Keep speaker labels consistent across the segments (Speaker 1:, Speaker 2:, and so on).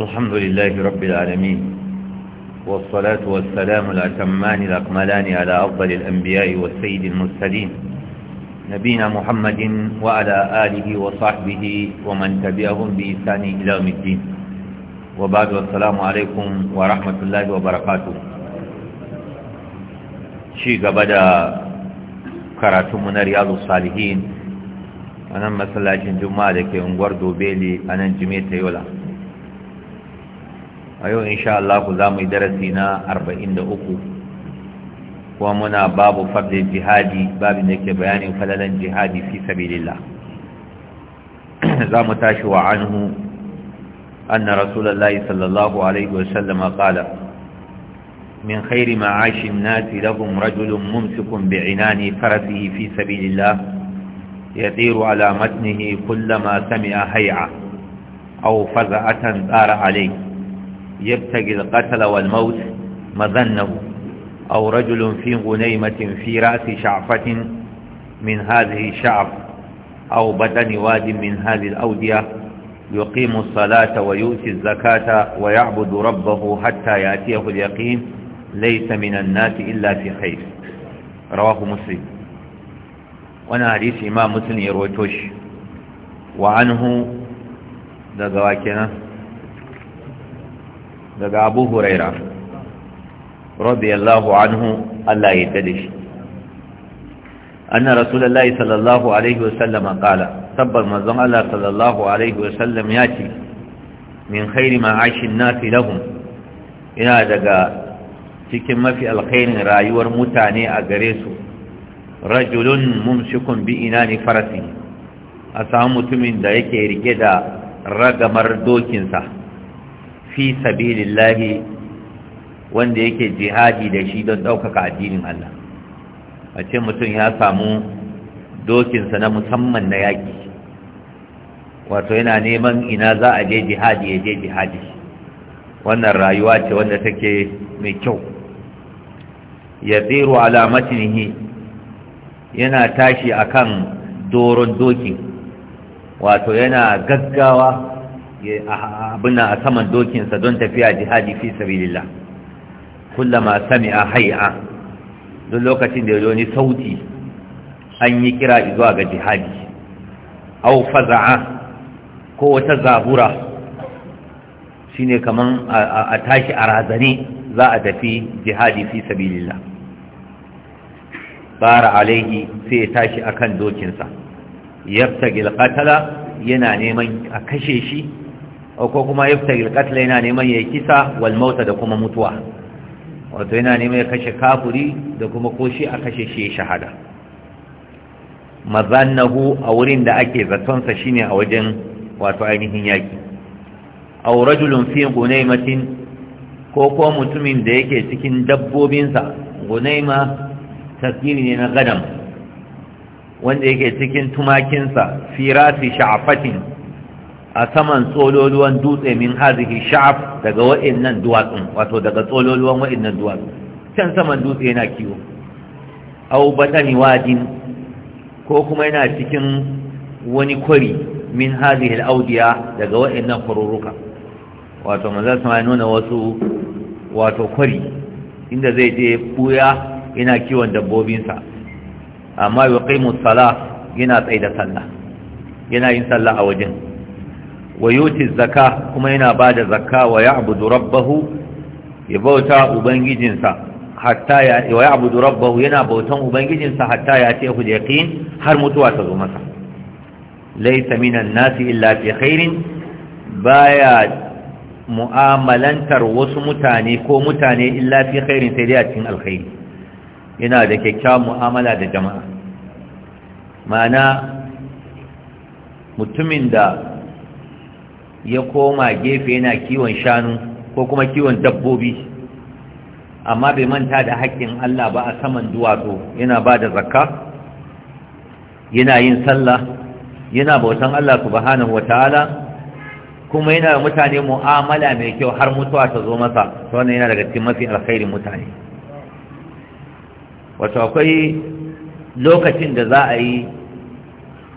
Speaker 1: الحمد لله رب العالمين والصلاة والسلام الأتمان الأكملان على أفضل الأنبياء والسيد المرسلين نبينا محمد وعلى آله وصحبه ومن تبعهم بإحسان إلى يوم الدين وبعد والسلام عليكم ورحمة الله وبركاته شيء بدأ كراتمنا رياض الصالحين أنا مسلاجين جمالك ينقر دوبيلي أنا جميت يولا a yau in Allah za mu yi darasi na 43 kuma muna babu fadlin jihadi babin da ke bayanin falalan jihadi fi sabilillah za mu tashi wa anhu anna rasulullahi sallallahu alaihi wasallam qala min khairi maashin an-nas lahum rajulun mumsikun bi'inani farasihi fi sabilillah yatiru ala matnihi kullama sami'a hay'a aw faza'atan tsara alayhi يبتغي القتل والموت مظنه أو رجل في غنيمة في رأس شعفة من هذه الشعف أو بدن واد من هذه الأودية يقيم الصلاة ويؤتي الزكاة ويعبد ربه حتى يأتيه اليقين ليس من الناس إلا في خير رواه مسلم وانا حديث إمام مسلم يروتوش وعنه ذا دواكنا daga abu huraira radiyallahu anhu Allah ya dade shi anna rasulullahi sallallahu alaihi wasallam qala tabbar manzon Allah sallallahu alaihi wasallam ya ce min khairi ma'ashin nasi lahum ina daga cikin mafi alkhairin rayuwar mutane a gare su rajulun mumsikun bi inani farasi a samu mutumin da yake rike da ragamar dokinsa fi sabilillahi wanda yake jihadi da shi don ɗaukaka addinin Allah a ce mutum ya samu dokinsa na musamman na yaki? wato yana neman ina za a je jihadi ya je jihadi wannan rayuwa ce wanda take mai kyau ya tsero alamatinihi yana tashi akan doron dokin wato yana gaggawa abin a saman dokinsa don tafiya jihadi fi sabilillah sami a hay'a Don lokacin da ya wani sauti an yi kira zuwa ga jihadi Au faza'a ko wata zabura shine kamar a tashi a razane za a tafi jihadi fi sabilillah bara alaihi sai ya tashi akan dokinsa yabtagil qatala yana neman a kashe shi ko kuma yaftagil katla yana neman ya kisa wal mauta da kuma mutuwa wato yana neman ya kashe kafuri da kuma koshi a kashe shi shahada mazannahu a wurin da ake zaton sa shine a wajen wato ainihin yaki aw rajulun fi gunaymatin ko ko mutumin da yake cikin dabbobin sa gunayma tasiri ne na gadam wanda yake cikin tumakinsa firasi sha'fatin a saman tsololuwan dutse min hazihi sha'af daga wa'innan duwatsun wato daga tsololuwan wa'innan duwatsun can saman dutse yana kiwo au batani wadin ko kuma yana cikin wani kwari min hazihi al'audiya daga wa'innan kwaruruka wato manzan sama ya nuna wasu wato kwari inda zai je buya yana kiwon dabbobinsa amma yuqimu salah yana tsaye da sallah yana yin sallah a wajen wa Zaka kuma yana bada zakka wa ya'budu rabbahu ya bauta ubangijinsa hatta ya ya'budu rabbahu yana bautan ubangijinsa hatta ya ce hu yaqin har mutuwa ta zo masa laysa minan nasi illa fi khairin baya mu'amalantar wasu mutane ko mutane illa fi khairin sai dai a cikin alkhairi yana da kyakkyawan mu'amala da jama'a ma'ana mutumin da ya koma gefe yana kiwon shanu ko kuma kiwon dabbobi amma bai manta da haƙƙin Allah ba a saman duwatsu yana ba da zakka yana yin sallah yana bautan Allah subhanahu wataala kuma yana da mutane mu'amala mai kyau har mutuwa ta zo masa wannan yana daga cikin mafi alkhairin mutane wato akwai lokacin da za a yi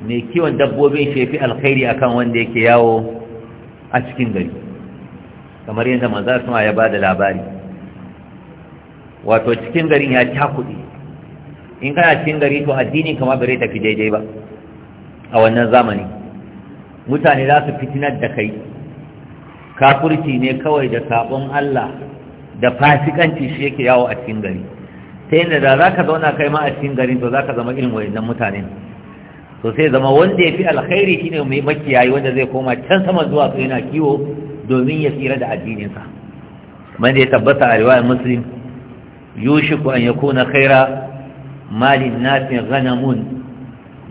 Speaker 1: mai kiwon dabbobin shefi alkhairi akan wanda yake yawo a cikin gari kamar yadda manza suna ya ba da labari wato cikin garin ya cakuɗe in kana cikin gari to addini kama bare tafi daidai ba a wannan zamani mutane za su fitinar da kai kafurci ne kawai da sabon Allah da fasikanci shi yake yawo a cikin gari ta yadda da za ka zauna kai ma a cikin garin to za ka zama irin wayannan mutanen to sai zama wanda ya fi alkhairi shine mai makiyayi wanda zai koma can sama zuwa su yana kiwo domin ya tsira da addininsa kamar da ya tabbata a riwayar muslim yushiku an yakuna khaira malin nasin ghanamun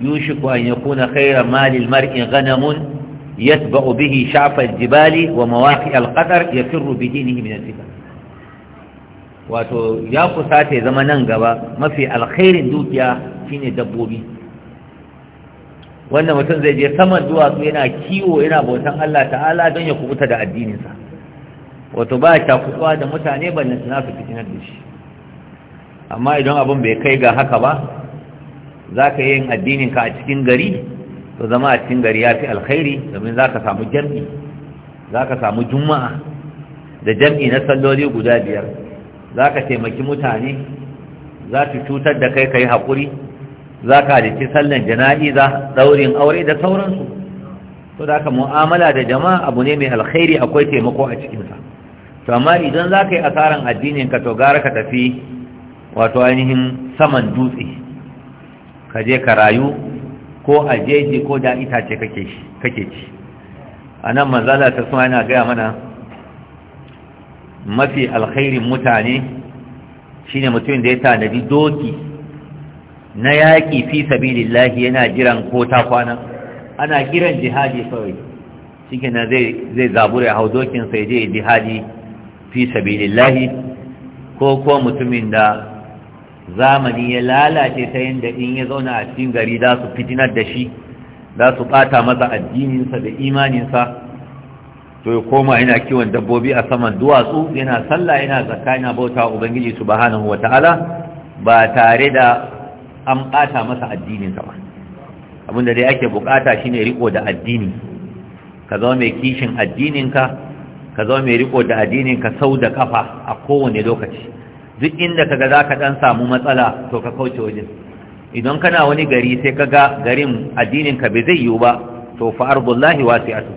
Speaker 1: yushiku an yakuna khaira malin mar'in ghanamun jibali wa شعف الجبال ومواقع bi يفر بدينه من الفتن wato ya kusa ta zama nan gaba mafi alkhairin dukiya shine dabbobi wannan mutum zai je saman duwatsu yana kiwo yana bautan Allah ta'ala don ya kubuta da addininsa wato ba ta da mutane ballin suna su fitinar da shi amma idan abin bai kai ga haka ba za ka yi addininka a cikin gari to zama a cikin gari ya fi alkhairi domin za ka samu jam'i za ka samu juma'a da jam'i na salloli guda biyar za ka taimaki mutane za su cutar da kai ka yi haƙuri za ka jiki sallan jana'iza daurin aure da sauransu to da ka mu'amala da jama'a abu ne mai alkhairi akwai taimako a cikinsa to amma idan za ka yi asaran addinin ka to gara ka tafi wato ainihin saman dutse ka je ka rayu ko a jeji ko da itace kake ci a nan manzala ta suna yana gaya mana mafi alkhairin mutane shine mutum da ya tanadi doki na yaƙi fi sabilillahi yana jiran ko ta kwana ana kiran jihadi kawai shike na zai zabura ya dokin sai je jihadi fi sabilillahi ko ko mutumin da
Speaker 2: zamani ya lalace
Speaker 1: ta yanda in ya zauna a cikin gari za su fitinar da shi za su bata masa addininsa da imaninsa to ya koma yana kiwon dabbobi a saman duwatsu yana sallah yana zakka yana bauta ubangiji subhanahu wata'ala ba tare da an ɓata masa addininka ba abinda dai ake bukata shine riko da addini ka zama mai kishin addininka ka zama mai riko da addininka sau da kafa a kowane lokaci duk inda kaga za ka ɗan samu matsala to ka kauce wajen idan kana wani gari sai ka ga garin addininka bai zai yiwu ba to fa'arbullahi wasi'atu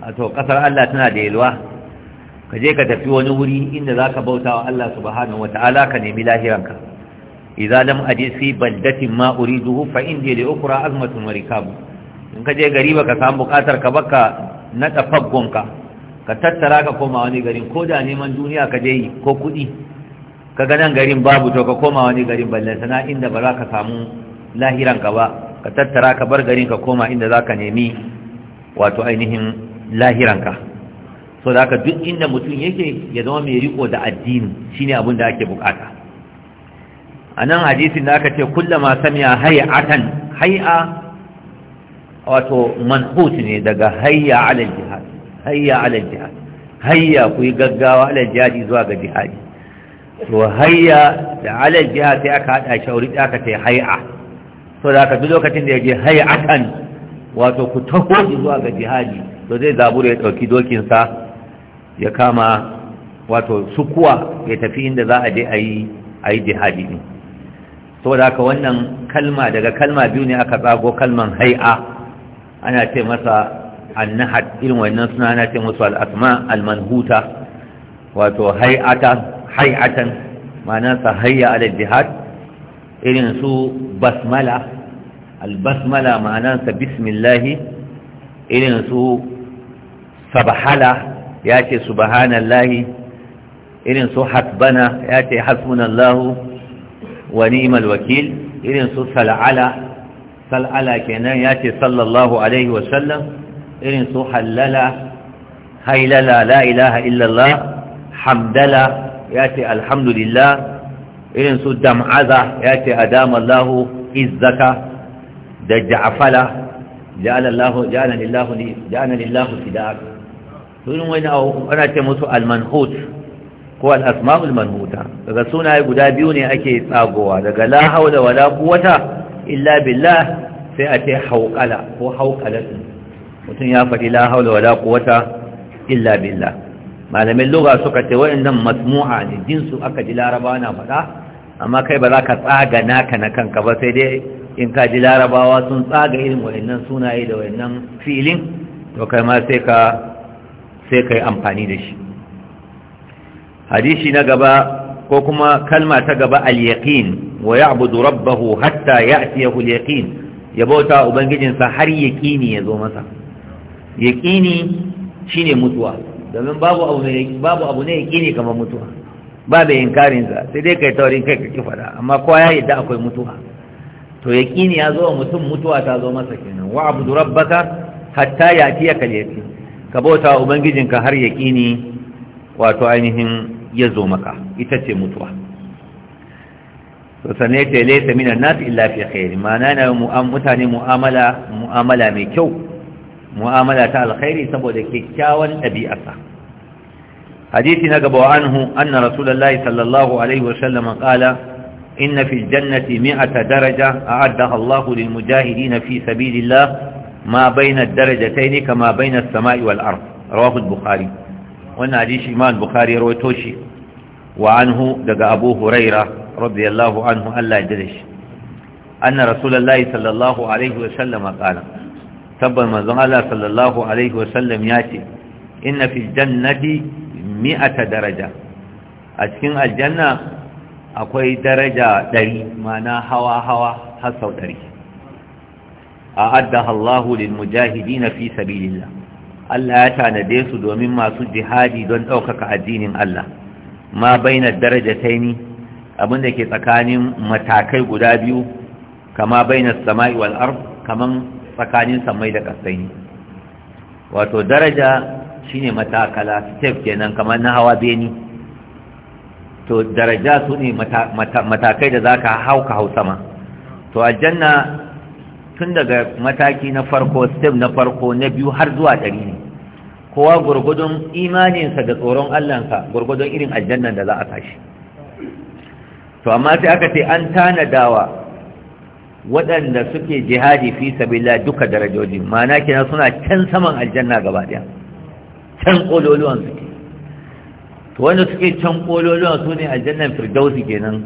Speaker 1: a to ƙasar Allah tana da yalwa ka je ka tafi wani wuri inda za ka bauta wa Allah subhanahu wa ta'ala ka nemi lahiranka idza lam ajid fi baldatin ma uriduhu fa indi li ukra azmatun wa rikabu in ka gari baka samu bukatar ka baka na tafaggonka ka tattara ka koma wani garin ko da neman duniya ka je ko kuɗi ka ga nan garin babu to ka koma wani garin balle sana inda ba za ka samu lahiran ka ba ka tattara ka bar garin ka koma inda za ka nemi wato ainihin lahiran ka so da haka duk inda mutum yake ya zama mai riko da addini shine abin da ake bukata a nan hadisi da aka ce ma samiya hay'atan hay'a wato manhut ne daga hayya ala jihad hayya ala jihad hayya ku yi gaggawa ala jihad zuwa ga jihad to hayya da ala jihad sai aka hada shauri da aka ce hay'a to da aka duk lokacin da ya je hay'atan wato ku taho zuwa ga jihadi to zai zabura ya dauki sa ya kama wato sukuwa ya tafi inda za a je a yi jihadi saboda haka wannan kalma daga kalma biyu ne aka tsago kalman hai'a ana ce masa annahat irin wannan suna ana ce musu al'asma almanhuta wato hai'ata hai'atan ma'anarsa hayya ala jihad irin su basmala albasmala ma'anarsa bismillahi irin su sabahala ya ce subhanallahi irin su hasbana ya ce hasbunallahu wa ni'mal wakil irin su sal'ala sal'ala kenan ya ce sallallahu alaihi wa sallam irin su halala hailala la ilaha illallah hamdala ya ce alhamdulillah irin su dam'aza ya ce adamallahu izzaka da ja'afala ja'alallahu ja'alallahu ja'alallahu fida'ak sunan wani ana ce musu almanhut ko Al'asma'ul asmaul manhuta daga sunaye guda biyu ne ake tsagowa daga la haula wala quwwata illa billah sai a ce hauqala ko mutum ya faɗi la haula wala quwwata illa billah malamin lugha suka ce waɗannan masmu'a ne jinsu aka ji laraba na faɗa amma kai ba za ka tsaga naka na kanka ba sai dai in ka ji larabawa sun tsaga irin wa'annan sunaye da wa'annan filin to kai ma sai ka yi amfani da shi hadisi na gaba ko kuma kalma ta gaba al-yaqin wa ya'budu rabbahu hatta ya'tiyahu al-yaqin ya bauta ubangijinsa har yaqini ya zo masa yaqini shine mutuwa domin babu abu ne babu abu ne yaqini kamar mutuwa ba da inkarin sa sai dai kai taurin kai kake fada amma kowa ya yadda akwai mutuwa to yaqini ya zo mutum mutuwa ta zo masa kenan wa abudu rabbaka hatta ya'tiyaka al-yaqin ka bauta ubangijinka har yaqini wato ainihin ya zo maka ita ce mutuwa sannan ya ce laisa minan nasu illafi khairi ma'ana na mutane mu'amala mu'amala mai kyau mu'amala ta alkhairi saboda kyakkyawan ɗabi'arsa hadisi na gaba anhu anna rasulullahi sallallahu alaihi wa sallam inna fi jannati mi'ata daraja a'addaha Allahu lil na fi sabilillah ma bayna ad-darajatayn kama bayna samai wal ard rawahu al-bukhari wannan hadisi imam bukhari ya rawaito shi wa anhu daga abu huraira radiyallahu anhu Allah ya dade shi anna rasulullahi sallallahu alaihi wa sallam qala tabban manzon Allah sallallahu alaihi wa sallam ya ce inna fil jannati mi'ata daraja a cikin aljanna akwai daraja 100 ma'ana hawa hawa har sau 100 a'addaha Allahu lil mujahidin fi sabilillah Allah ya tanade su domin masu jihadi don ɗaukaka addinin Allah ma baina darajataini abinda ke tsakanin matakai guda biyu kama baina sama'i wal ard kaman tsakanin samai da kasai wato daraja shine matakala step kenan kamar na hawa beni to daraja su ne matakai da zaka hauka hau sama to aljanna tun daga mataki na farko step na farko na biyu har zuwa ɗari ne kowa gurgudun imaninsa da tsoron allansa gurgudun irin aljannan da za a tashi to amma sai aka ce an tanadawa waɗanda suke jihadi fi sabila duka darajoji ma'ana kina suna can saman aljanna gaba ɗaya can kololuwan suke to wanda suke can kololuwan su ne aljannan firdausi kenan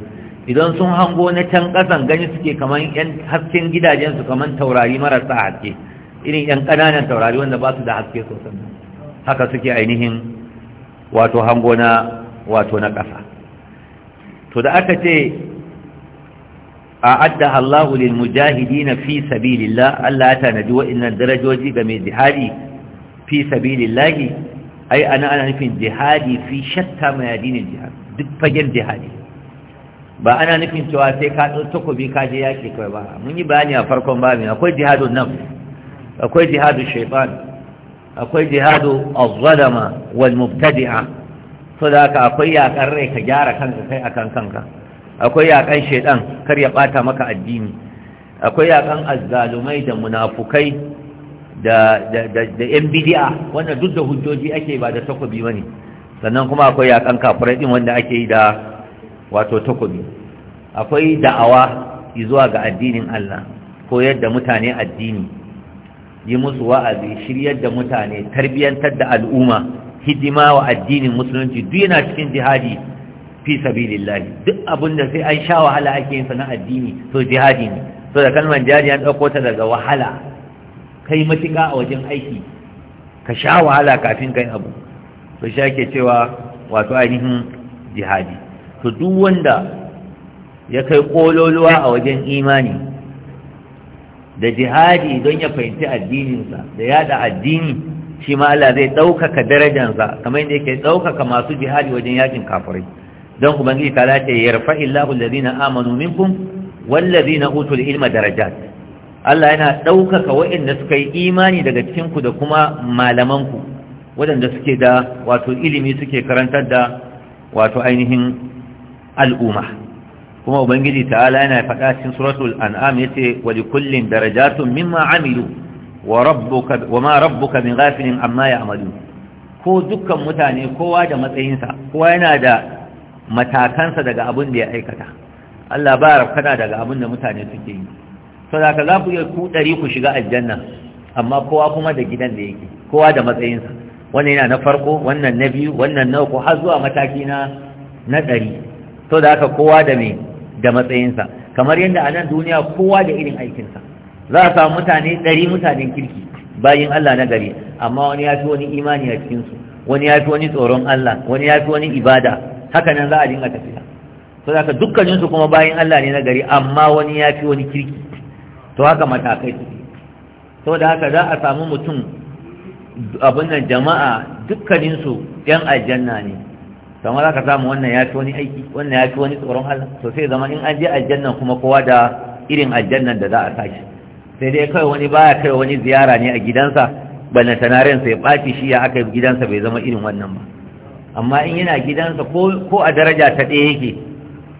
Speaker 1: idan sun hango na can ƙasan gani suke kamar yan hasken gidajensu kamar taurari marasa haske irin yan ƙananan taurari wanda ba su da haske sosai haka suke ainihin wato hango na wato na ƙasa to da aka ce adda Allahu lil mujahidina fi sabilillah Allah ya tanadi wa'annan darajoji ga mai jihadi fi sabilillah ai ana ana nufin jihadi fi shatta mayadin jihad duk fagen jihadi ba ana nufin cewa sai ka ɗau takobi ka je yaƙi kawai ba mun yi bayani a farkon babin akwai jihadu nan akwai jihadu shaitan akwai jihadun azzalama wal mubtadi'a so da haka akwai yaƙar rai ka gyara kanka kai akan kanka akwai yaƙan shaitan kar ya ɓata maka addini akwai yaƙan azzalumai da munafukai da da da yan bidi'a wannan duk da hujjoji ake ba da takobi bane sannan kuma akwai yaƙan kafirai din wanda ake yi da wato takobi akwai da'awa zuwa ga addinin Allah koyar da mutane addini yi musu wa'azi shiryar da mutane tarbiyantar da al'umma hidima wa addinin musulunci duk yana cikin jihadi fi sabilillah duk abin da sai an sha wahala ake yin sana addini to jihadi ne so da kalmar jihadi an dauko ta daga wahala kai matuƙa a wajen aiki ka sha wahala kafin kai abu to shi ake cewa wato ainihin jihadi to duk wanda ya kai kololuwa a wajen imani da jihadi don ya fahimci addininsa da yada addini shi ma Allah zai ɗaukaka darajansa kamar yadda yake ɗaukaka masu jihadi wajen yakin kafirai don ubangiji ta lace yarfa illahu na amanu minkum na utul ilma darajat Allah yana ɗaukaka waɗanda suka yi imani daga cikinku da kuma malamanku, waɗanda suke da wato ilimi suke karantar da wato ainihin al'umma kuma ubangiji ta'ala yana faɗa cikin suratul an'am yace wa likullin darajatun mimma amilu wa rabbuka wa ma rabbuka min ghafilin amma ya'malun ko dukkan mutane kowa da matsayinsa kowa yana da matakansa daga abin da ya aikata Allah ba rafkana daga abin da mutane suke yi to da ka za ku iya ku ɗari ku shiga aljanna amma kowa kuma da gidan da yake kowa da matsayinsa wannan yana na farko wannan na biyu wannan na uku har zuwa mataki na na ɗari to da haka kowa da me da matsayinsa kamar yadda a nan duniya kowa da irin aikinsa za a samu mutane ɗari mutanen kirki bayan Allah na gari amma wani ya fi wani imani a cikinsu wani ya fi wani tsoron Allah wani ya fi wani ibada haka nan za a dinga tafiya to haka dukkaninsu kuma bayan Allah ne na gari amma wani ya fi wani kirki to haka matakai su to da haka za a samu mutum abin nan jama'a dukkaninsu ɗan aljanna ne kamar za ka samu wannan ya ci wani aiki wannan ya ci wani tsoron Allah to sai zama in an je aljannan kuma kowa da irin aljannan da za a tashi sai dai kai wani baya kai wani ziyara ne a gidansa bana tanaren sai baci shi ya aka gidansa bai zama irin wannan ba amma in yana gidansa ko ko a daraja ta ɗaya yake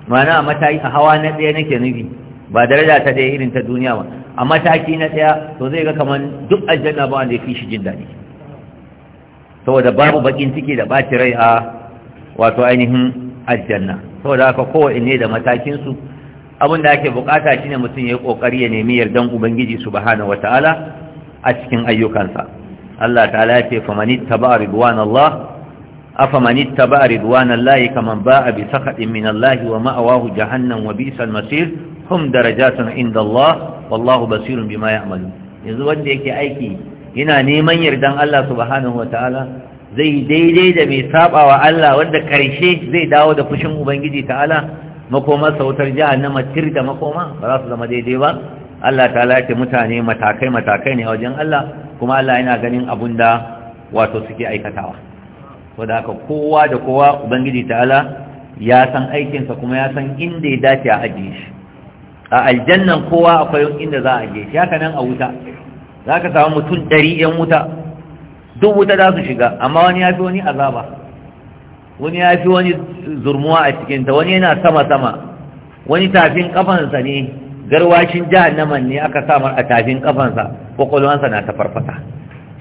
Speaker 1: ma'ana a mataki a hawa na ɗaya nake nufi ba daraja ta ɗaya irin ta duniya ba a mataki na ɗaya to zai ga kamar duk aljanna ba wanda ya fi shi jin daɗi saboda babu bakin ciki da ɓaci rai a wato ainihin aljanna saboda haka kowanne da matakinsu abin da ake bukata shine mutum ya yi kokari ya nemi yardan ubangiji subhanahu wataala a cikin ayyukansa Allah ta'ala ya ce famani taba ridwanallah afaman ittaba ridwanallahi kaman ba'a bi sakhatin minallahi wa ma'awahu jahannam wa bi'sal masir hum darajatun indallah wallahu basirun bima ya'malun yanzu wanda yake aiki yana neman yardan Allah subhanahu wataala zai daidai da mai wa Allah wanda karshe zai dawo da fushin ubangiji ta'ala Makomar sautar jahannama tir da makoma ba za su zama daidai ba Allah ta ya mutane matakai matakai ne a wajen Allah kuma Allah yana ganin abunda wato suke aikatawa saboda haka kowa da kowa ubangiji ta'ala ya san aikinsa kuma ya san inda ya dace a ajiye shi a aljannan kowa akwai inda za a ajiye shi haka nan a wuta za ka samu mutum ɗari 'yan wuta duk wuta za su shiga amma wani ya fi wani azaba wani ya fi wani zurmuwa a cikinta wani yana sama-sama wani tafin kafansa ne garwashin jahannaman ne aka samar a tafin kafansa kwakwalwansa na ta farfata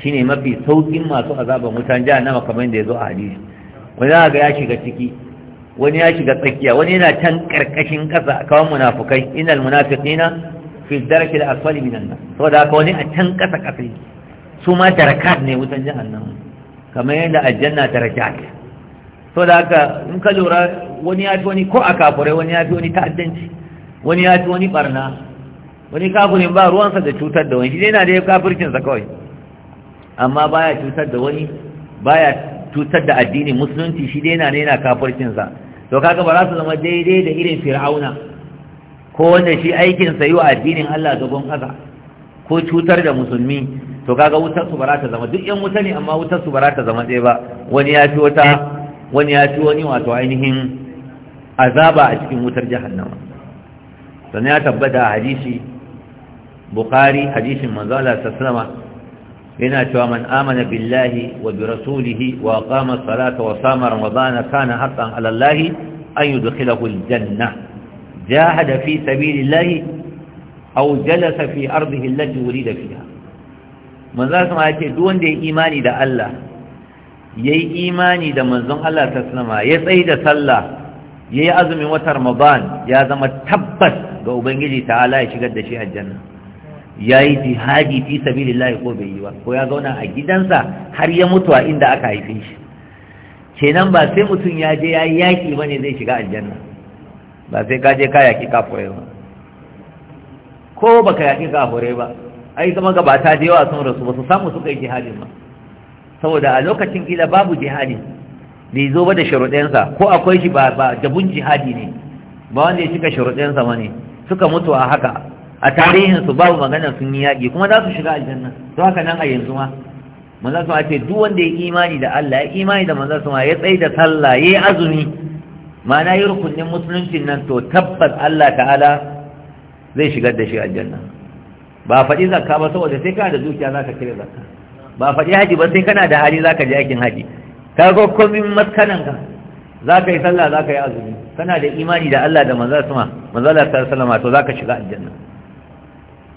Speaker 1: Shi ne mafi sauƙin masu azaban wutan jahannama kamar yadda ya zo a hadisi wani za ga ya shiga ciki wani ya shiga tsakiya wani yana can karkashin kasa kawai munafukai innal munafiqina fi darki al-asfali minan nar saboda haka wani a can ƙasa-ƙasa. su ma darakat ne wutan jahannama kamar yadda aljanna darakat so da haka in ka lura wani ya fi wani ko a kafurai wani ya fi wani ta'addanci wani ya fi wani barna wani kafurin ba ruwansa da cutar da wani shi dai na da ya kafircinsa kawai amma baya cutar da wani baya cutar da addinin musulunci shi dai na ne na kafircinsa to kaga ba za su zama daidai da irin fir'auna ko wanda shi aikinsa yi wa addinin Allah gaban ƙasa ko cutar da musulmi to kaga wutar su barata zama duk yan wuta ne amma wutar su barata zama dai ba wani ya fi wata wani ya wani wato ainihin azaba a cikin wutar jahannama
Speaker 2: sannan ya tabbata hadisi
Speaker 1: bukhari hadisin manzo Allah sallama yana cewa man amana billahi wa bi rasulihi wa qama salata wa sama ramadana kana haqqan ala Allah an yudkhilahu aljanna jahada fi sabilillahi aw jalasa fi ardihi allati wulida fiha manzon sama ya ce duk wanda ya imani da Allah yayi imani da manzon Allah ta sunama ya tsayi da sallah yayi azumin watan Ramadan ya zama tabbas ga ubangiji Ala ya shigar da shi aljanna yayi jihadi fi sabilillah ko bai yi ba ko ya zauna a gidansa har ya mutu a inda aka haife shi kenan ba sai mutum ya je yayi yaki bane zai shiga aljanna ba sai ka je ka yaki kafurai ba ko baka yaki kafurai ba ai zama gabata da yawa sun rasu ba su samu suka yi jihadin ba saboda a lokacin kila babu jihadi bai zo ba da sharuɗensa ko akwai shi ba jabun jihadi ne ba wanda ya cika sharuɗensa ba ne suka mutu a haka a tarihinsu babu magana sun yi yaƙi kuma za su shiga aljanna to haka nan a yanzu ma manzan su ce duk wanda ya imani da Allah ya imani da manzan su ya tsaye da sallah ya yi azumi ma'ana yi rukunin musuluncin nan to tabbas Allah ta'ala zai shigar da shi aljanna ba faɗi zakka ba saboda sai kana da dukiya za ka cire zakka ba faɗi haji ba sai kana da hali za ka je aikin haji ka ga komin maskananka za ka yi sallah za ka yi azumi kana da imani da Allah da manzon sama manzon Allah sallallahu alaihi to za ka shiga aljanna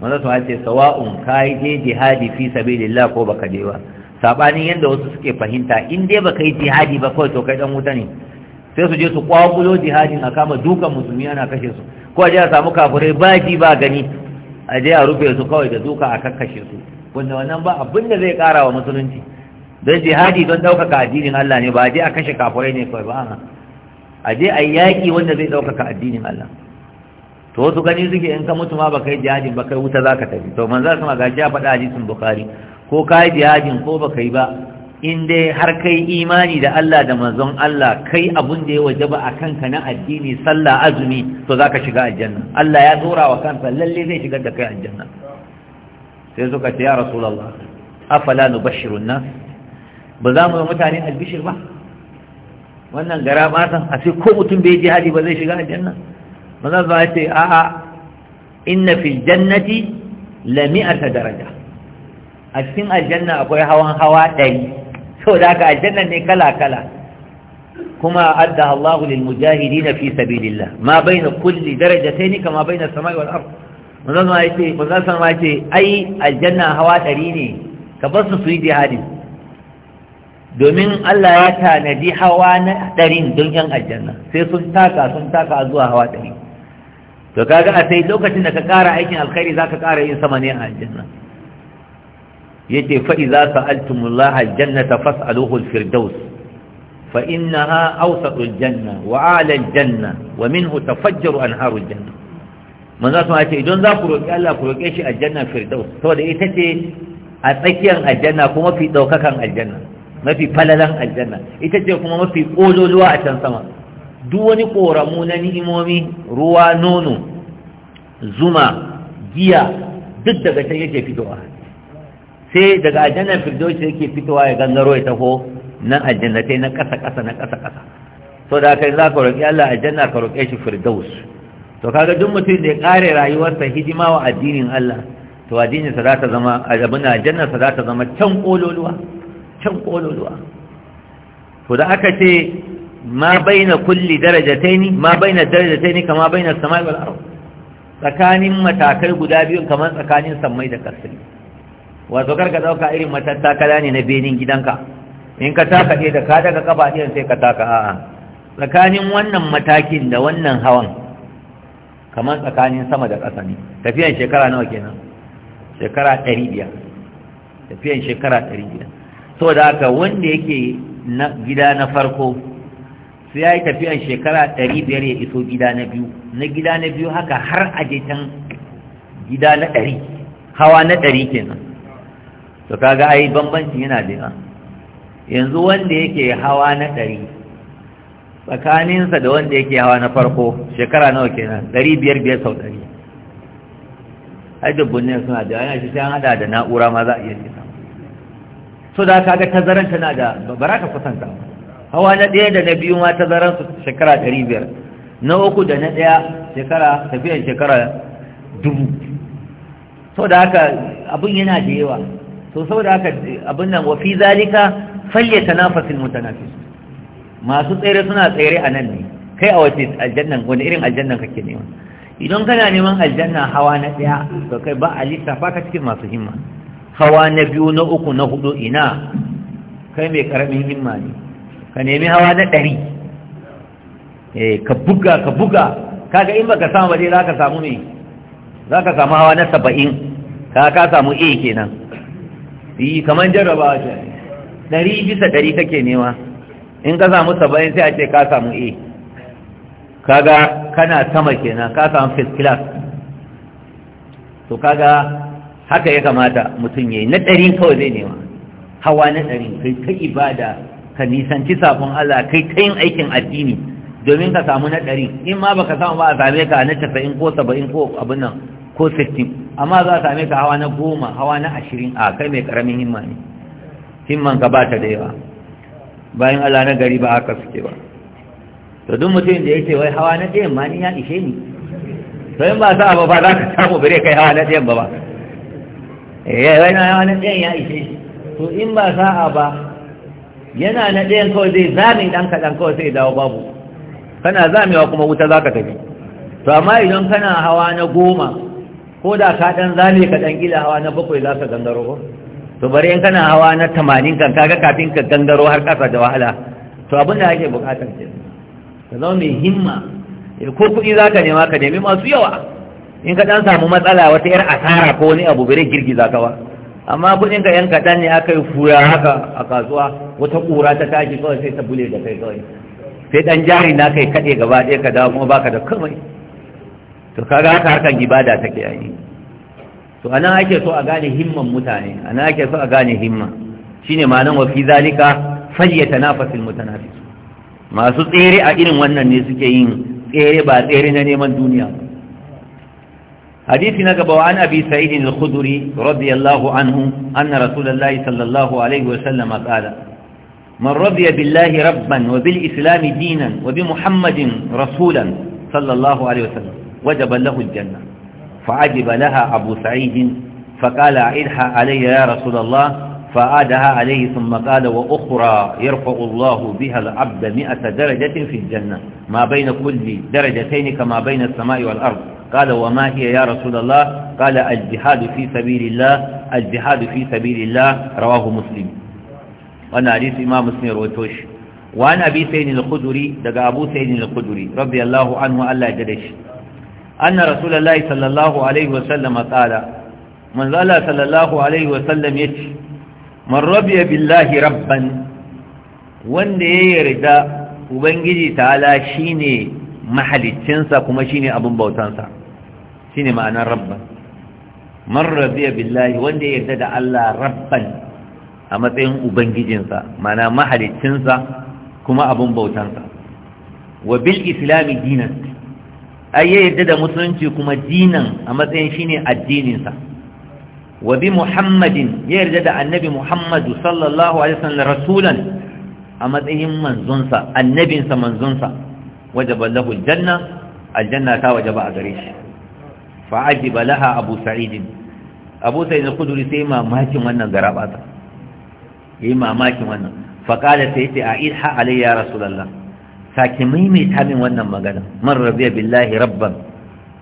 Speaker 1: manzon sama ya ce sawa'un ka yi je jihadi fi sabilillah ko baka je ba sabanin yadda wasu suke fahimta in dai baka yi jihadi ba kawai to kai dan wuta ne sai su je su kwakulo jihadin a kama dukan musulmi ana kashe su ko a je a samu kafirai ba ji ba gani a je a rufe su kawai da duka a kakkashe su wanda wannan ba abin da zai kara wa musulunci don jihadi don ɗaukaka addinin Allah ne ba a je a kashe kafirai ne kawai ba a je a yaƙi wanda zai ɗaukaka addinin Allah to wasu gani suke in ka mutu ma ba kai jihadin ba kai wuta za ka tafi to manzo sama gashi a faɗa hadisin bukhari ko kai jihadin ko ba kai ba Inda har kai imani da Allah da manzon Allah kai abun da ya wajaba a kanka na addini sallah azumi to zaka shiga aljanna Allah ya tsora wa kansa lalle zai shigar da kai aljanna sai suka ce ya rasulullah afala nubashiru nas ba za mu yi mutane albishir ba wannan gara matan a sai ko mutum bai jihadi ba zai shiga aljanna manzon Allah ya ce a'a inna fil jannati la mi'ata daraja a cikin aljanna akwai hawan hawa ɗari sau da haka aljanna ne kala-kala kuma adda Allahu lil mujahidin fi sabilillah ma baina kulli darajatayn kama baina samai wal ard manzon ma yace manzon san ma yace ai aljanna hawa dari ne ka bar su su yi jihadi domin Allah ya tanadi hawa na ɗarin don yan aljanna sai sun taka sun taka zuwa hawa ɗari to kaga a sai lokacin da ka ƙara aikin alkhairi zaka kara yin sama ne a aljanna yace fa idza sa'altumullaha aljannata fas'aluhu alfirdaus fa innaha awsatu aljanna wa a'la aljanna wa minhu tafajjaru anharu aljanna manzo sun ce idan za ku roki Allah ku roke shi aljanna firdaus saboda ita ce a tsakiyar aljanna kuma fi daukakan aljanna mafi falalan aljanna ita ce kuma mafi kololuwa a can sama duk wani koramu na ni'imomi ruwa nono zuma giya duk daga can yake fitowa sai daga aljannar firdausi yake fitowa ya gangaro ya taho nan aljannatai na ƙasa ƙasa na ƙasa ƙasa so da aka yi za ka roƙi Allah aljanna ka roƙe shi firdaus to kaga duk mutum da ya ƙare rayuwarsa hidima wa addinin Allah to addininsa za ta zama abin sa za ta zama can ƙololuwa can ƙololuwa to da aka ce ma baina kulli darajataini ma baina darajataini kama baina samai wal ardh tsakanin matakai guda biyu kamar tsakanin samai da kasai wato karka dauka irin matattakala ne na benin gidanka in ka taka ɗaya da ka daga kafa ɗayan sai ka taka a'a tsakanin wannan matakin da wannan hawan kamar tsakanin sama da ƙasa ne tafiyan shekara nawa kenan shekara ɗari biyar tafiyan shekara ɗari biyar so da haka wanda yake na gida na farko sai ya yi tafiyan shekara ɗari biyar ya iso gida na biyu na gida na biyu haka har a gidan gida na ɗari hawa na ɗari kenan to kaga ai bambanci yana da yawa yanzu wanda yake hawa na ɗari tsakaninsa da wanda yake hawa na farko shekara nawa kenan ɗari biyar biyar sau ɗari ai bunne suna da yana shi an hada da na'ura ma za a iya cewa so da kaga tazaran tana da baraka ka kusanta hawa na ɗaya da na biyu ma tazaran su shekara ɗari biyar na uku da na ɗaya shekara tafiyan shekara dubu so da haka abin yana da yawa to saboda haka abin nan wa fi zalika falyatanafasul mutanafis masu tsere suna tsere a nan ne kai a wace aljannan wani irin aljannan kake nema idan kana neman aljanna hawa na daya to kai ba a lissafa ka cikin masu himma hawa na biyu na uku na hudu ina kai mai karamin himma ne ka nemi hawa na ɗari eh ka buga ka buga kaga in baka samu ba dai zaka samu me zaka samu hawa na saba'in ka ka samu e kenan yi eh, kamar jarraba ce ɗari bisa ɗari kake nema in ka samu saba'in sai a ce ka samu a kaga kana sama kenan ka samu first class to kaga haka ya kamata mutum ya yi na ɗari kawai zai nema hawa na ɗari kai ta ibada ka nisanci sabon Allah kai ta yin aikin addini domin ka samu na ɗari in ma baka samu ba a same ka na casa'in ko saba'in ko abin nan ko sittin amma za a same ka hawa na goma hawa na ashirin a kai mai karamin himma ne himman ka ba ta da yawa bayan Allah na gari ba aka suke ba to duk mutum da yake wai hawa na ɗayan ma ni ya ishe ni to in ba sa ba ba za ka samu bare kai hawa na ɗayan ba ba eh wai na hawa na ɗayan ya ishe shi to in ba sa'a ba yana na ɗayan kawai zai zame ɗan kaɗan kawai sai dawo babu kana zamewa kuma wuta za ka tafi to amma idan kana hawa na goma ko da ka ɗan zane ka ɗan gida hawa na bakwai za ka gangaro ko to bari in kana hawa na tamanin kan kaga kafin ka gangaro har ƙasa da wahala to abin da ake buƙatar ce ka zama mai himma eh, ko kuɗi za ka nema ka nemi masu yawa in ka ɗan samu matsala wata 'yar asara ko wani abu bare girgiza ka ba amma ka yan kaɗan ne aka yi fura haka a kasuwa wata ƙura ta tashi kawai sai ta bule da kai kawai sai ɗan jari na kai kaɗe gaba ɗaya ka dawo kuma baka da kamai to kaga haka harkan ibada take yi to ana ake so a gane himman mutane ana ake so a gane himma shine ma'anar wa fi zalika falyatanafasul mutanafis masu tsere a irin wannan ne suke yin tsere ba tsere na neman duniya hadisi na gaba an abi sa'id al-khudri radiyallahu anhu anna rasulullahi sallallahu alaihi wa sallam qala من رضي بالله ربا وبالإسلام دينا وبمحمد رسولا صلى الله عليه وسلم وجب له الجنة فعجب لها أبو سعيد فقال أعدها علي يا رسول الله فأعدها عليه ثم قال وأخرى يرفع الله بها العبد مئة درجة في الجنة ما بين كل درجتين كما بين السماء والأرض قال وما هي يا رسول الله قال الجهاد في سبيل الله الجهاد في سبيل الله رواه مسلم وانا حديث امام مسلم رويتوش وعن ابي سعيد الخدري دغ ابو سعيد الخدري رضي الله عنه الله يجدش anna rasulullahi sallallahu alaihi wasallam qala manzo Allah sallallahu alaihi wasallam yace man rabbiya billahi rabban wanda ya yarda ubangiji ta'ala shine mahaliccinsa kuma shine abun bautansa shine ma'anar rabban man rabbiya billahi wanda ya yarda da Allah rabban a matsayin ubangijinsa ma'ana mahaliccinsa kuma abun bautansa wa bil islami dinan ai ya yadda da musulunci kuma dinan a matsayin shi ne addininsa wa bi muhammadin ya yarda da annabi muhammadu sallallahu alaihi wasallam rasulan a matsayin manzonsa annabinsa manzonsa wajaba lahu aljanna aljanna ta wajaba a gare shi fa ajiba laha abu sa'id abu sa'id al-khudri sai mamakin wannan garaba ta yayi mamakin wannan fa qala sai ta aidha alayya rasulullah sake maimaita min wannan magana man rabiya billahi rabban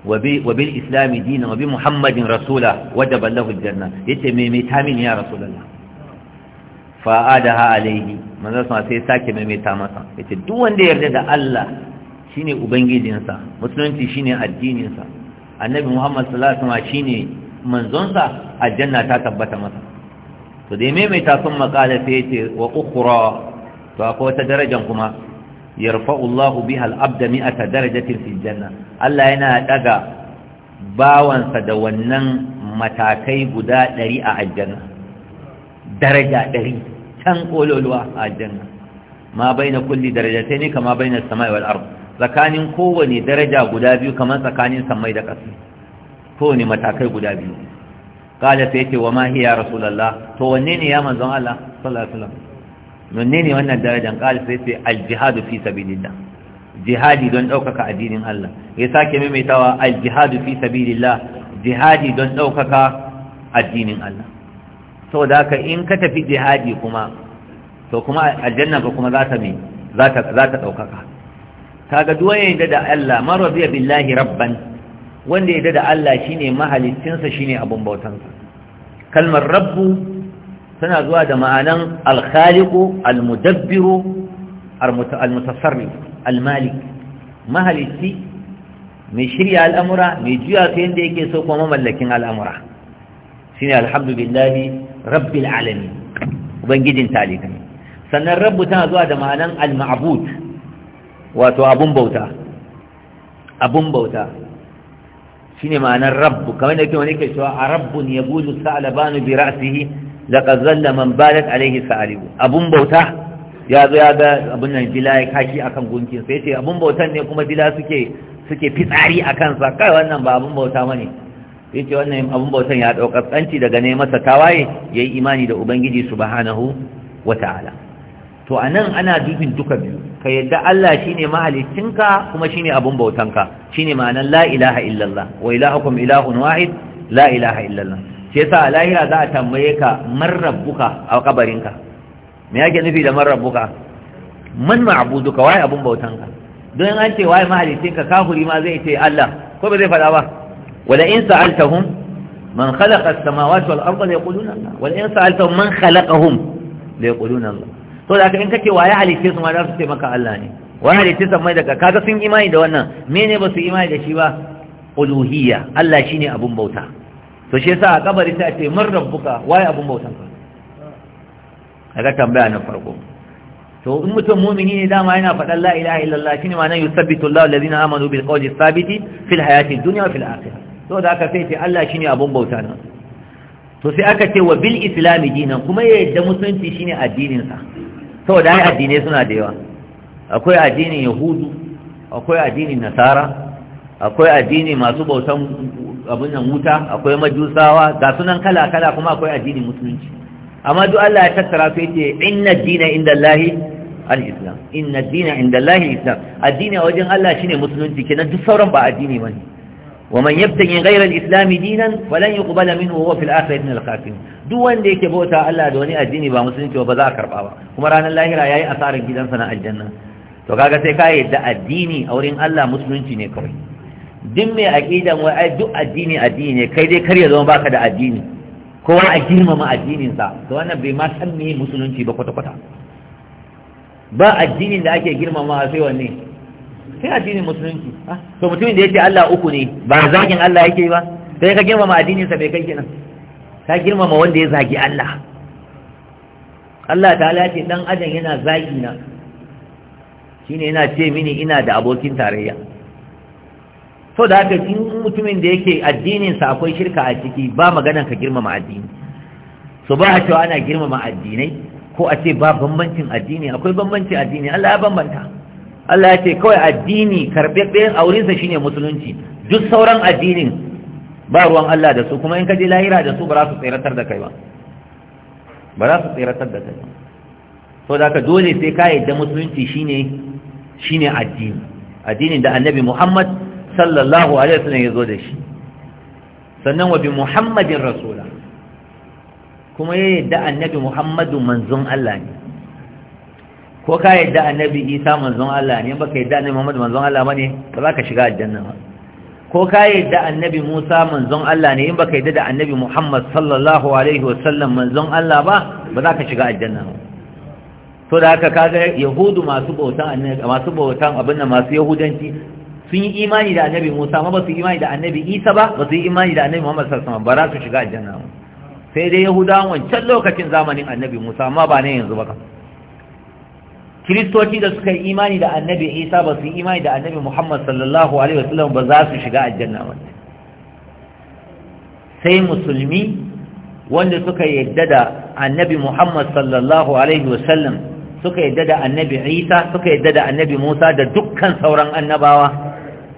Speaker 1: wa bil islami dina wa bi muhammadin rasula wajaba lahu aljanna yace maimaita min ya rasulullah fa adaha alaihi manzo sa sai sake maimaita masa yace duk wanda yarda da Allah shine ubangijinsa musulunci shine addininsa annabi muhammad sallallahu alaihi wasallam shine manzonsa aljanna ta tabbata masa to dai maimaita sun makala sai yace wa ukhra to akwai wata darajar kuma yarfa'u Allahu biha al-abda mi'ata darajatin fil janna Allah yana daga bawansa da wannan matakai guda 100 a aljanna daraja 100 can kololuwa a aljanna ma baina kulli darajatayn kama baina as-sama'i wal ard tsakanin kowane daraja guda biyu kamar tsakanin samai da ƙasa kowane matakai guda biyu قال سيتي وما هي يا رسول الله تو ونيني يا منزون الله صلى الله عليه وسلم wanne ne wannan darajar qala sai sai aljihadu jihadu fi sabilillah jihadi don ɗaukaka addinin Allah ya sake maimaitawa aljihadu jihadu fi sabilillah jihadi don ɗaukaka addinin Allah Sau da haka in ka tafi jihadi kuma to kuma aljanna ba kuma za ta me za ta za ta daukaka duwaye da Allah maradiya billahi rabban wanda ya da Allah shine mahalicinsa shine abun bautansa kalmar rabbu tana zuwa da ma'anan alkhaliku almudabbiru almutasarrif almalik mahalicci mai shirya al'amura mai juya su yadda yake so kuma mamallakin al'amura shine alhamdulillahi rabbil alamin ubangijin talibai sannan rabbu tana zuwa da ma'anan al wato abun bauta abun bauta shine ma'anar rabbu kamar da yake wani ke cewa a rabbun yabulu sa'labanu bi ra'sihi laqad zalla man balat alaihi sa'alibu abun bauta ya zo ya ga abin nan dila ya kaki akan gunkin sai ce abun bautan ne kuma dila suke suke fitsari akan kansa, kai wannan ba abun bauta bane sai ce wannan abun bautan ya ɗauka tsanci daga ne masa tawaye yayi imani da ubangiji subhanahu wata'ala to anan ana dubin duka biyu ka yadda Allah shine mahaliccinka, kuma shine abun bautanka shine ma'anar la ilaha illallah wa ilahukum ilahun wahid la ilaha illallah shi yasa lahira za a tambaye ka marrabbuka a kabarinka me yake nufi da man rabbuka man ma'buduka waye abun bautanka don an ce waye ka kafuri ma zai ce Allah ko ba zai faɗa ba wala in sa'altahum man khalaqa as-samawati wal arda la yaquluna Allah wala in sa'altahum man khalaqahum la yaquluna Allah to da in kace waye halice su ma za su ce maka Allah ne wa halice su mai daga kaga sun imani da wannan mene ba su imani da shi ba uluhiyya Allah shine abun bauta to shi yasa a kabari sai a ce man rabbuka waye abun bautan ka kaga tambaya na farko to in mutum mu'mini ne dama yana faɗan la ilaha illallah shine ma nan yusabbitu Allahu alladhina amanu bil qawli thabiti fil hayati dunya wa fil akhirah to da aka sai ce Allah shine abun bauta na to sai aka ce wa bil islami dinan kuma ya yadda musulunci shine addinin sa saboda ai addinai suna da yawa akwai addinin yahudu akwai addinin nasara akwai addini masu bautan abin nan wuta akwai majusawa ga sunan kala kala kuma akwai addinin musulunci amma duk Allah ya tattara su yace inna dina inda Allah al-islam inna dina inda Allah islam addini a wajen Allah shine musulunci kenan duk sauran ba addini bane ومن يبتغي dinan, الاسلام دينا فلن يقبل منه وهو في الاخره من الخاسرين duk wanda yake bauta Allah da wani addini ba musulunci ba za a karba ba kuma ranar lahira yayi asarar gidansa na aljanna to kaga sai ka yadda addini a wurin Allah musulunci ne kawai duk mai aqidan wai ai duk addini addini ne kai dai kar ya zama baka da addini kowa a girmama addinin sa to wannan bai ma san me musulunci ba kwata kwata ba addinin da ake girmama sai wanne sai addinin musulunci ah, to mutumin da yake Allah uku ne ba zagin Allah yake ba sai ka girmama addinin sa bai kai kenan ka girmama wanda ya zagi Allah Allah ta'ala ce dan adam yana zagi na shine yana ce mini ina da abokin tarayya so da haka in mutumin da yake addininsa akwai shirka a ciki ba maganan ka girmama addini so ba a cewa ana girmama addinai ko a ce ba bambancin addini akwai bambancin addini Allah ya bambanta Allah ya ce kawai addini karɓaɓɓe a wurinsa shine musulunci duk sauran addinin ba ruwan Allah da su kuma in ka je lahira da su ba za su tseratar da kai ba ba za su tseratar da kai ba so da haka dole sai ka yadda musulunci shine shine addini addinin da annabi Muhammad sallallahu alaihi wasallam yazo da shi sannan wa bi muhammadin rasula kuma ya da annabi muhammadu manzon Allah ne ko ka da annabi isa manzon Allah ne baka yadda annabi muhammadu manzon Allah bane ba za ka shiga aljanna ba ko ka da annabi musa manzon Allah ne in baka yadda da annabi muhammad sallallahu alaihi wasallam manzon Allah ba ba za ka shiga aljanna ba to da haka kaga yahudu masu bautan annabi masu bautan abin masu yahudanci sun yi imani da annabi Musa amma ba su imani da annabi Isa ba ba su yi imani da annabi Muhammad sallallahu ba za su shiga aljanna sai dai Yahudawan wancan lokacin zamanin annabi Musa amma ba ne yanzu ba kam Kiristoci da suka yi imani da annabi Isa ba su yi imani da annabi Muhammad sallallahu alaihi wasallam ba za su shiga aljanna ba sai musulmi wanda suka yadda da annabi Muhammad sallallahu alaihi wasallam suka yadda da annabi Isa suka yadda da annabi Musa da dukkan sauran annabawa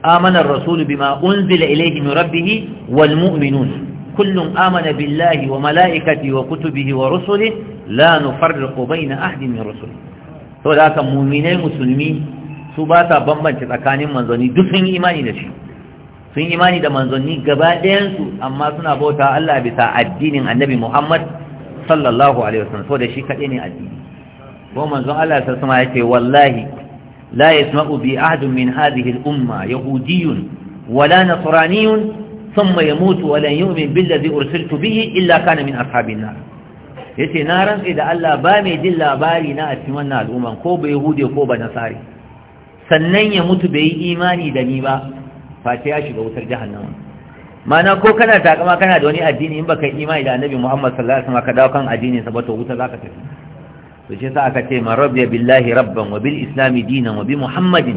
Speaker 1: آمن الرسول بما أنزل إليه من ربه والمؤمنون كل آمن بالله وملائكته وكتبه ورسله لا نفرق بين أحد من رسله فذاك مؤمنين مسلمين سباتا بمبن تتكانين منظني دفن إيماني لشي sun imani da manzanni gaba ɗayansu amma suna bauta Allah bisa addinin annabi Muhammad sallallahu alaihi wasallam so da shi kaɗai ne addini ko manzon Allah sai kuma wallahi لا يسمع بي أحد من هذه الأمة يهودي ولا نصراني ثم يموت ولا يؤمن بالذي أرسلت به إلا كان من أصحاب النار yace na rantse da Allah ba mai jin labari na a cikin wannan al'umman ko ba yahude ko ba nasari sannan ya mutu bai yi imani da ni ba face ya shiga wutar jahannama mana ko kana takama kana da wani addini in imani da annabi Muhammad sallallahu ka dawo kan addinin sa ba to wuta zaka tafi to shi sa aka ce man rabbiya billahi rabban wa bil islami dinan wa bi muhammadin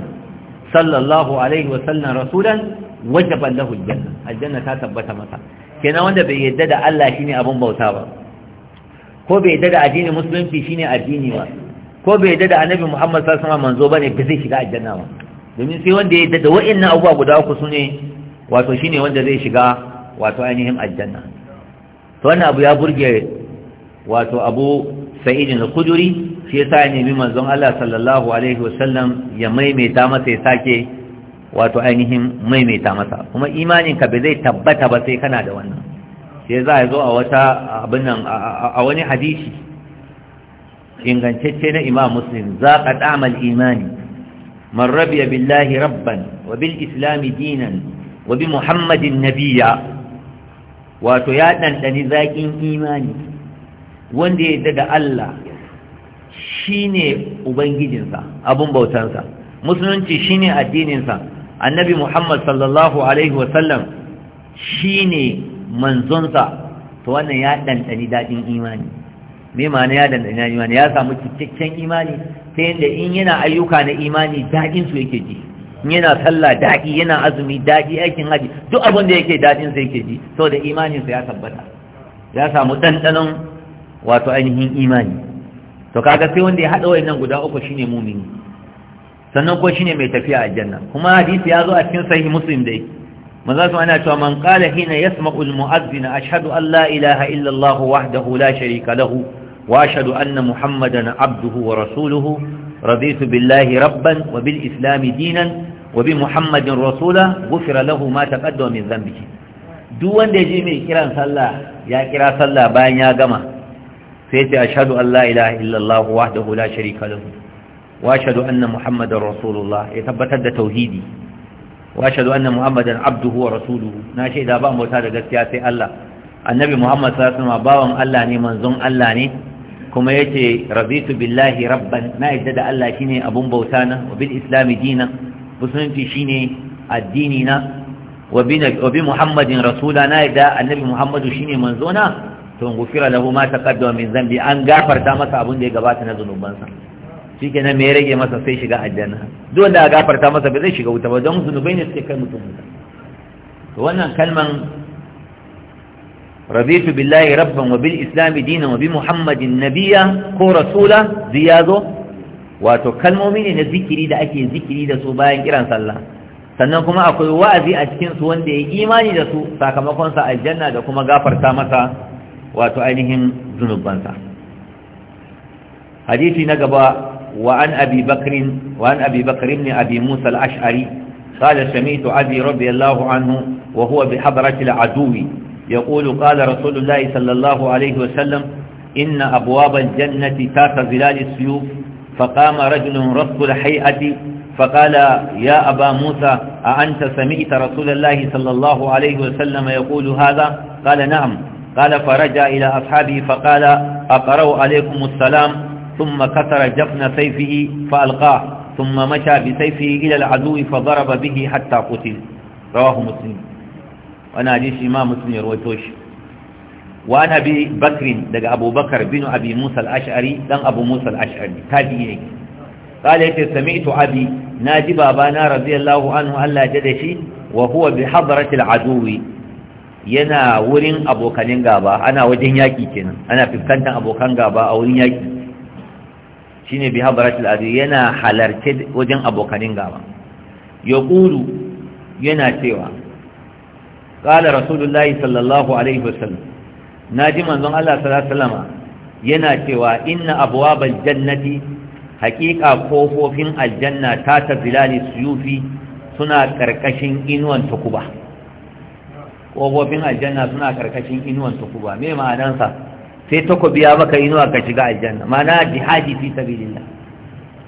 Speaker 1: sallallahu alaihi wa sallam rasulan wajaba lahu aljanna aljanna ta tabbata masa kenan wanda bai yadda da Allah shine abun bauta ba ko bai yadda da addinin musulunci shine addini ba ko bai yadda da annabi Muhammad sallallahu alaihi wasallam manzo bane ba zai shiga aljanna ba domin sai wanda ya yadda da wa'annan abubuwa guda uku sune wato shine wanda zai shiga wato ainihin aljanna to wannan abu ya burge wato abu sa'idin al-kuduri shi yasa ya nemi manzon Allah sallallahu alaihi wasallam ya maimaita masa ya sake wato ainihin maimaita masa kuma imanin ka bai tabbata ba sai kana da wannan sai za a zo a wata abin nan a wani hadisi ingantacce na imam muslim za ka damal imani man rabiya billahi rabban wa bil islami dinan wa bi muhammadin nabiya wato ya ɗanɗani zaƙin imani wanda ya yadda da Allah shine ubangijinsa abun bautansa musulunci shine addininsa annabi Muhammad sallallahu alaihi wasallam shine manzonsa to wannan ya dandani dadin imani me ma'ana ya dandani imani ya samu cikakken imani ta yadda in yana ayyuka na imani daɗinsu yake ji in yana sallah daɗi yana azumi daɗi aikin haji duk abin da yake daɗin yake ji saboda da sa ya tabbata ya samu ɗanɗanon wato ainihin imani to kaga sai wanda ya hada wayannan guda uku shine mumini sannan ko shine mai tafiya aljanna kuma hadisi ya zo a cikin sahih muslim dai manzo su ana cewa man qala hina yasma'u al-mu'adhdhin ashhadu an la ilaha illa allah wahdahu la sharika lahu wa ashhadu anna muhammadan abduhu wa rasuluhu raditu billahi rabban wa bil islam dinan wa bi muhammadin rasula ghufira lahu ma taqaddama min dhanbihi duk wanda ya je mai kiran sallah ya kira sallah bayan ya gama sai ce ashhadu an la ilaha wa wahdahu la sharika lahu wa ashhadu anna muhammadar rasulullah ya tabbatar da tauhidi wa ashhadu anna muhammadan abduhu wa rasuluhu na shaida ba mota da gaskiya sai Allah annabi muhammad sallallahu alaihi bawan Allah ne manzon Allah ne kuma ya yace raditu billahi rabban na yadda da Allah shine abun bauta na wa bil islami dina musulunci shine addini na wa bi muhammadin rasula na yadda annabi muhammadu shine manzona to gufira lahu ma taqaddama min zambi an gafarta masa abin da ya gabata na zunubansa shikenan me ya rage masa sai shiga aljanna duk wanda gafarta masa bai shiga wuta ba don zunubai ne suke kai mutum to wannan kalman رضيت بالله ربا وبالإسلام دينا وبمحمد نبيا كو رسولا زيادو wato kalmomi ne na zikiri da ake zikiri da su bayan kiran sallah sannan kuma akwai wa'azi a cikin su wanda ya imani da su sakamakon sa aljanna da kuma gafarta masa wato ainihin zunubansa hadisi na gaba وعن أبي بكر وعن أبي بكر بن أبي موسى الأشعري قال سميت أبي رضي الله عنه وهو بحضرة العدو يقول قال رسول الله صلى الله عليه وسلم إن أبواب الجنة تحت ظلال السيوف فقام رجل رب الحيئة فقال يا أبا موسى أأنت سمعت رسول الله صلى الله عليه وسلم يقول هذا قال نعم قال فرجع إلى أصحابه فقال أقرأوا عليكم السلام ثم كسر جفن سيفه فألقاه ثم مشى بسيفه إلى العدو فضرب به حتى قتل رواه مسلم وانا حديث امام مسلم يرويته وانا ابي بكر دغ ابو بكر بن ابي موسى الاشعري دان ابو موسى الاشعري تابعي قال يتي سمعت ابي ناجي بابانا رضي الله عنه الله جدشي وهو بحضره العدو yana wurin abokanin gaba ana wajen yaƙi kenan ana fuskantar abokan gaba a wurin yaƙi shine bi habaratul adu yana halarce wajen abokanin gaba yaqulu yana cewa qala rasulullahi sallallahu alaihi wasallam naji manzon Allah sallallahu alaihi wasallam yana cewa inna abwabal jannati haqiqa kofofin aljanna ta tazilali suyufi suna karkashin inuwan takuba ƙofofin aljanna suna karkashin inuwan takuba me ma'anansa sai takobi ya maka inuwa ka shiga aljanna ma'ana jihadi fi sabilillah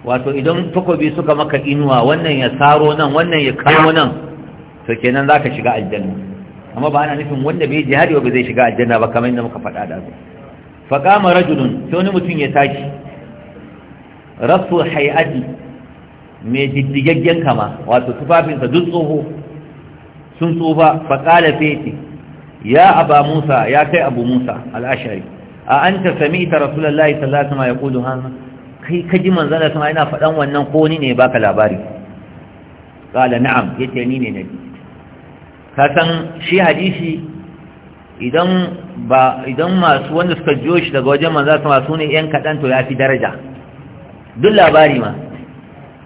Speaker 1: wato idan takobi suka maka inuwa wannan ya saro nan wannan ya kawo nan to kenan za ka shiga aljanna amma ba ana nufin wanda bai jihadi ba zai shiga aljanna ba kamar yadda muka faɗa da su faƙama rajulun sai wani mutum ya tashi rasu hay'ati mai diddigaggen kama wato tufafinsa duk tsoho sun tsufa faƙala feti ya aba musa ya kai abu musa al'ashari a an ta sami ita rasulallah sallallahu alaihi ya kudu hannu kai kaji manzan da sama yana faɗan wannan ko ni ne baka labari ƙala na'am ya ce ni ne na bi. ka san shi hadisi idan ba idan masu wanda suka jiyo shi daga wajen manzan sama su ne 'yan kaɗan to ya fi daraja duk labari ma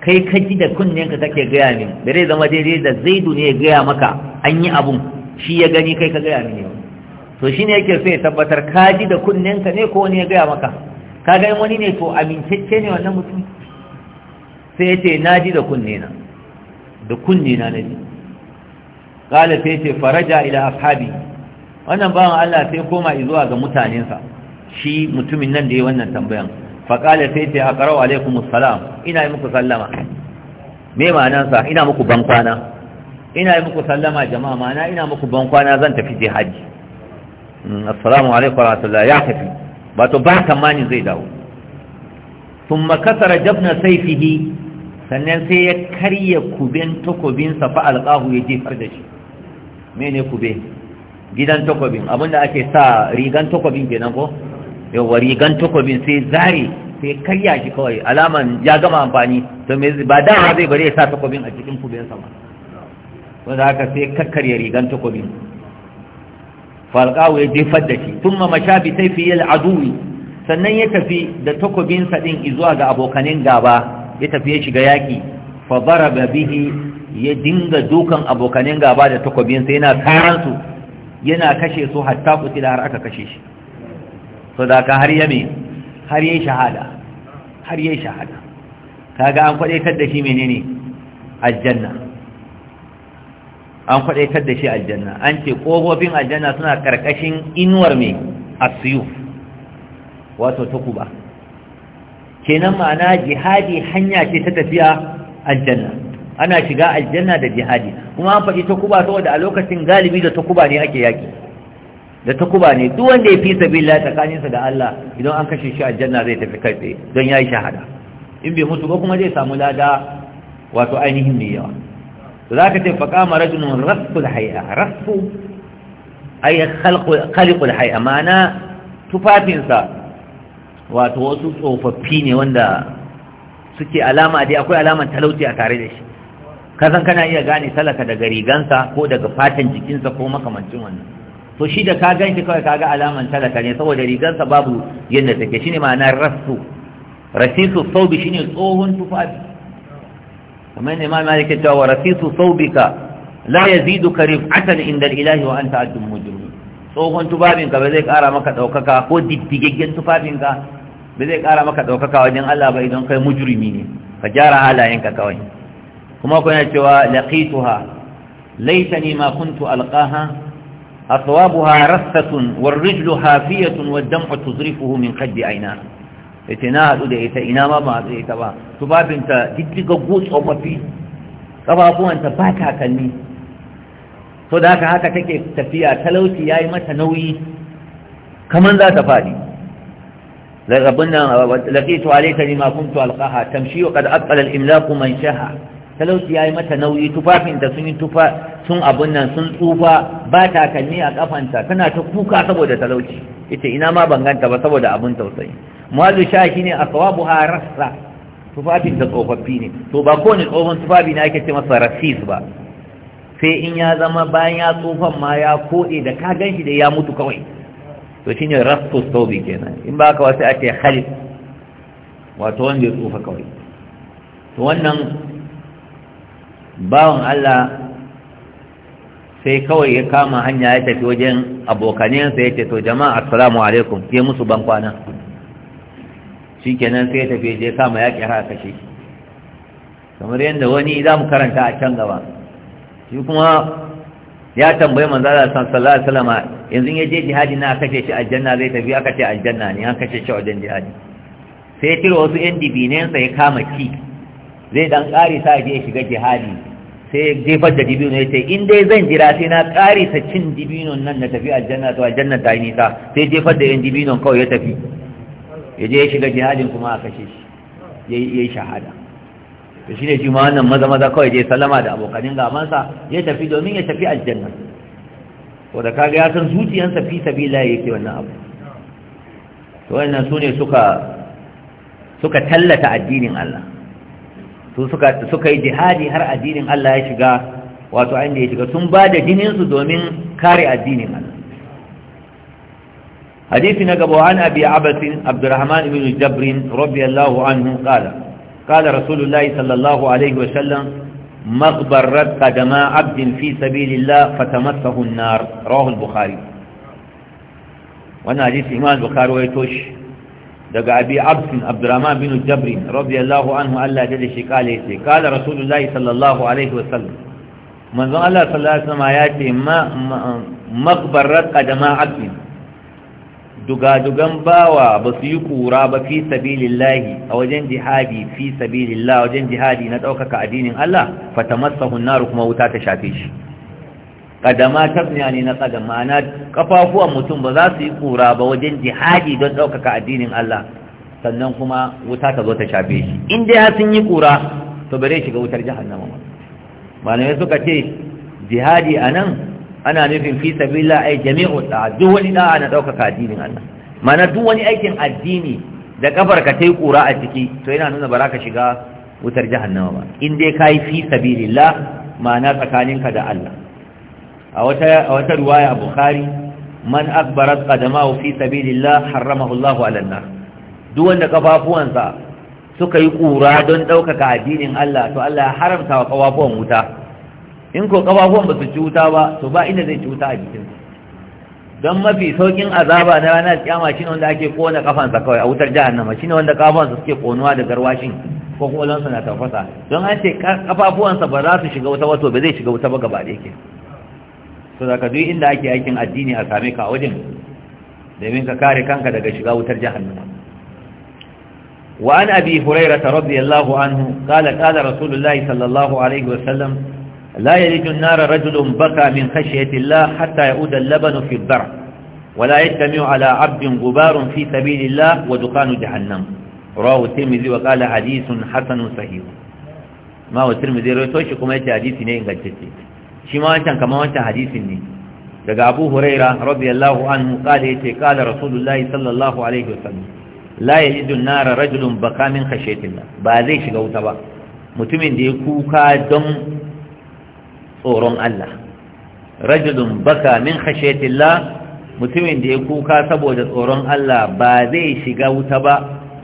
Speaker 1: kai ka ji da kunnen ka kake gaya min zai zama daidai da zaidu ne ya gaya maka an yi abun shi ya gani kai ka gaya min ne. to shine yake so ya tabbatar ka ji da kunnen ka ne ko wani ya gaya maka ka ga wani ne to amincacce ne wannan mutum sai ya ce na ji da kunne na da kunne na naji kala sai ce faraja ila ashabi wannan bawan Allah sai koma zuwa ga mutanensa shi mutumin nan da ya wannan tambayan faƙalar sai ce a ƙarau alaikum salam ina yi muku sallama me ma'anansa ina muku bankwana ina yi muku sallama jama'a ma'ana ina muku bankwana zan tafi je hajji assalamu alaikum wa ya tafi ba to ba mani zai dawo sun makasar jabna saifihi sannan sai ya karya kuben takobinsa fa alƙahu ya jefar da shi mene kube gidan takobin abinda ake sa rigan takobin kenan ko Yau yawa rigan takobin sai zare sai karya shi kawai alaman ya gama amfani to me ba dama zai bare ya sa takobin a cikin kubin sama wanda haka sai kakkarya rigan takobin falqawo ya jefar da shi thumma masha bi la'adu sannan ya tafi da takobin sa din zuwa ga abokanin gaba ya tafi ya shiga yaki fa daraba bihi ya dinga dukan abokanin gaba da takobin sa yana karansu yana kashe su hatta kutila har aka kashe shi so da ka har yame har yayi shahada har yayi shahada kaga an kar da shi menene aljanna an kar da shi aljanna an ce kofofin aljanna suna karkashin inuwar me asyuf wato takuba kenan ma'ana jihadi hanya ce ta tafiya aljanna ana shiga aljanna da jihadi kuma an faɗi takuba saboda a lokacin galibi da takuba ne ake yaki da takuba ne duk wanda ya fi tsakanin tsakaninsa da Allah idan an kashe shi janna zai tafi kai tsaye don yayi shahada in bai mutu ba kuma zai samu lada wato ainihin ne yawa zaka ce faqa marajun rasful hayya rasu, ay khalqu khaliqul mana tufafinsa wato wasu tsofaffi ne wanda suke alama dai akwai alaman talauci a tare da shi kasan kana iya gane talaka daga rigansa ko daga fatan jikinsa ko makamancin wannan to shi da ka ganshi kawai kaga alaman talaka ne saboda rigarsa babu yadda take shine ma'ana rasu rasisu saubi shine tsohon tufafi kamar ne imam malik ya wa rasisu saubika la yazidu karifatan inda ilahi wa anta addum mujrim tsohon tufafinka ba zai kara maka daukaka ko diddigaggen tufafinka ba zai kara maka daukaka wajen Allah ba idan kai mujrimi ne ka gyara halayenka kawai kuma kuna cewa laqituha laitani ma kuntu alqaha أصوابها رثة والرجل هافية والدمع تزرفه من قد عيناه اتناها تقول إيتا إناما ما إيتا با تباب انت تتلقى قوس أو مفي قبابو أنت باكا كلمي فذاك هكا تكي تفيا تلوتي ياي متى نوي كمان لا تفادي لقيت عليك لما كنت ألقاها تمشي وقد أبقل الإملاق من شهى talauci ya yi mata nauyi tufafinta sun yi tufa sun abun nan sun tsufa ba takalmi a kafanta tana ta kuka saboda talauci ita ina ma ban ganta ba saboda abun tausayi muhallu sha shi ne a sawabu ha tufafin tufafinta tsofaffi ne to ba kowane tsohon tufafi na ake ce masa rasis ba sai in ya zama bayan ya tsufan ma ya koɗe da ka gan shi da ya mutu kawai to shine rasu taubi kenan in ba ka wasu ake halif wato wanda ya tsufa kawai to wannan bawan Allah sai kawai ya kama hanya ya tafi wajen abokanensa ya ce to jama'a assalamu alaikum ke musu ban kwana kenan sai ya tafi je kama ya kira kashe kamar yadda wani za mu karanta a can gaba shi kuma ya tambayi manzala sallallahu alaihi wasallam yanzu ya je jihadi na kashe shi aljanna zai tafi aka ce aljanna ne an kashe shi wajen jihadi sai ya tiro wasu yan sai ya kama ki zai dan ƙari sa je shiga jihadi sai ya jefar da dibino ya ce in dai zan jira sai na ƙarisa cin dibinon nan na tafi aljanna to aljanna ta yi nisa sai jefar da yan dibinon kawai ya tafi ya je ya shiga jihadin kuma a kashe shi ya yi shahada shi ne shi ma wannan maza maza kawai je salama da abokanin gamansa ya tafi domin ya tafi aljanna ko da kaga ya san zuciyansa fi sabila yake wannan abu to wannan sune suka suka tallata addinin Allah su suka suka yi jihadi har addinin Allah ya shiga wato ayin da ya shiga sun ba da jinin su domin kare addinin Allah hadisi na gaba an abi abasin abdurrahman ibn jabrin radiyallahu anhu qala qala قال رسول الله صلى الله عليه وسلم مغبرت قدما عبد في سبيل الله فتمسه النار رواه البخاري وانا حديث bukhari البخاري ويتوش daga abi absin abdurrahman bin jabri radiyallahu anhu Allah da shi kale yace kala rasulullahi sallallahu alaihi wa sallam, manzo Allah sallallahu alaihi wasallam yace ma maqbarat qadama abdin dugadugan bawa ba su yi kura ba fi sabilillahi a wajen jihadi fi sabilillah wajen jihadi na daukaka addinin Allah fatamassahu an-nar kuma wuta ta shafe shi kadama tabniya ne na kadam ma'ana kafafuwan mutum ba za su yi kura ba wajen jihadi don ɗaukaka addinin Allah sannan kuma wuta ta zo ta shafe shi in dai sun yi kura to bare shiga wutar jahannama malamai suka ce jihadi anan ana nufin fi sabila ai jami'u da duk wani da na ɗaukaka addinin Allah ma'ana duk wani aikin addini da kafar ka ta yi kura a ciki to yana nuna ba za ka shiga wutar jahannama ba in dai ka yi fi sabilillah ma'ana tsakaninka da Allah a wata Ruwaya a bukhari man akbarat qadamahu fi sabilillah haramahu harama ala nar duk wanda kafafuwansa suka yi kura don daukaka addinin Allah to Allah ya haramta wa kafafuwan wuta in ko kafafuwan ba su ci wuta ba to ba inda zai ci wuta a jikin don mafi saukin azaba na ranar kyama shi wanda ake kona kafansa kawai a wutar jahannama shi wanda kafafuwansa suke konuwa da garwashin ko kuma lansa na tafasa don an ce kafafuwansa ba za su shiga wuta wato ba zai shiga wuta ba gaba da yake so da duk inda ake aikin addini a same ka a wajen domin ka kare kanka daga shiga wutar jahannama wa an abi hurairata radiyallahu anhu qala qala rasulullahi sallallahu alaihi baka min يلج النار رجل بكى من خشية الله حتى يؤد اللبن في الضرع ولا يجتمع على عبد غبار في سبيل الله ودخان جهنم رواه الترمذي وقال حديث حسن صحيح ما هو الترمذي رويته كما يتي حديث نين غجتي shi ma wancan kamar wancan hadisin ne daga Abu Huraira radiyallahu anhu kala yace kala Rasulullahi sallallahu alaihi wasallam la yajidu an-nara rajulun baka min khashyatillah ba zai shiga wuta ba mutumin da ya kuka don tsoron Allah rajulun baka min khashyatillah mutumin da ya kuka saboda tsoron Allah ba zai shiga wuta ba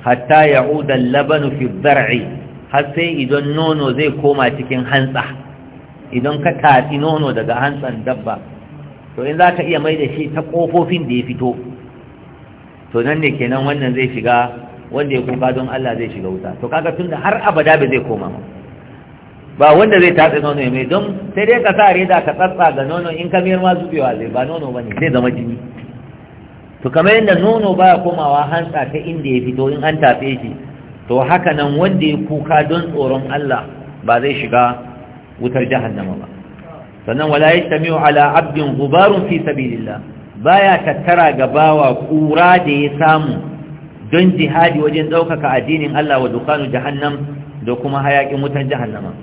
Speaker 1: hatta ya'uda al-labanu fi dhar'i har sai idan nono zai koma cikin hantsa idan ka tatsi nono daga hantsan dabba to in za ka iya mai da shi ta ƙofofin da ya fito to nan ne kenan wannan zai shiga wanda ya kuka don Allah zai shiga wuta to kaga tun da har abada ba zai koma ba wanda zai tatsi nono ya mai don sai dai ka sa reda ka tsatsa ga nono in ka miyar ma zubewa zai ba nono ba ne zai zama jini to kamar yadda nono baya komawa hantsa ta inda ya fito in an tafe shi to haka nan wanda ya kuka don tsoron Allah ba zai shiga wutar jahannama ba sannan wala yastami'u ala abdin ghubarun fi sabilillah baya tattara ga bawa kura da ya samu don jihadi wajen daukaka addinin Allah wa dukanu jahannam da kuma hayakin wutar jahannama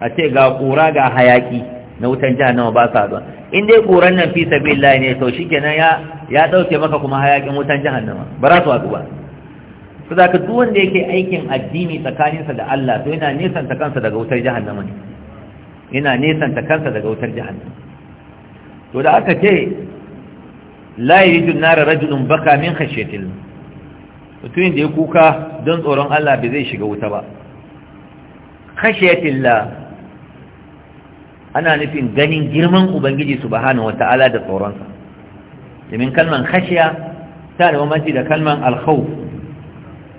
Speaker 1: a ce ga kura ga hayaki na wutan jahannama ba sa zuwa in dai koran nan fi sabilillah ne to shikenan ya ya dauke maka kuma hayakin wutan jahannama ba za su haɗu ba saboda duk wanda yake aikin addini tsakaninsa da Allah to yana nisan ta kansa daga wutar jahannama ne yana nesanta kansa daga wutar jahannam to da aka ce layi yuridu nara rajulun baka min khashyatil mutumin da ya kuka don tsoron Allah bai zai shiga wuta ba khashyatillah ana nufin ganin girman ubangiji su bahana wata ala da tsoronsa domin kalman khashiya ta da mamanci da kalman alkhawf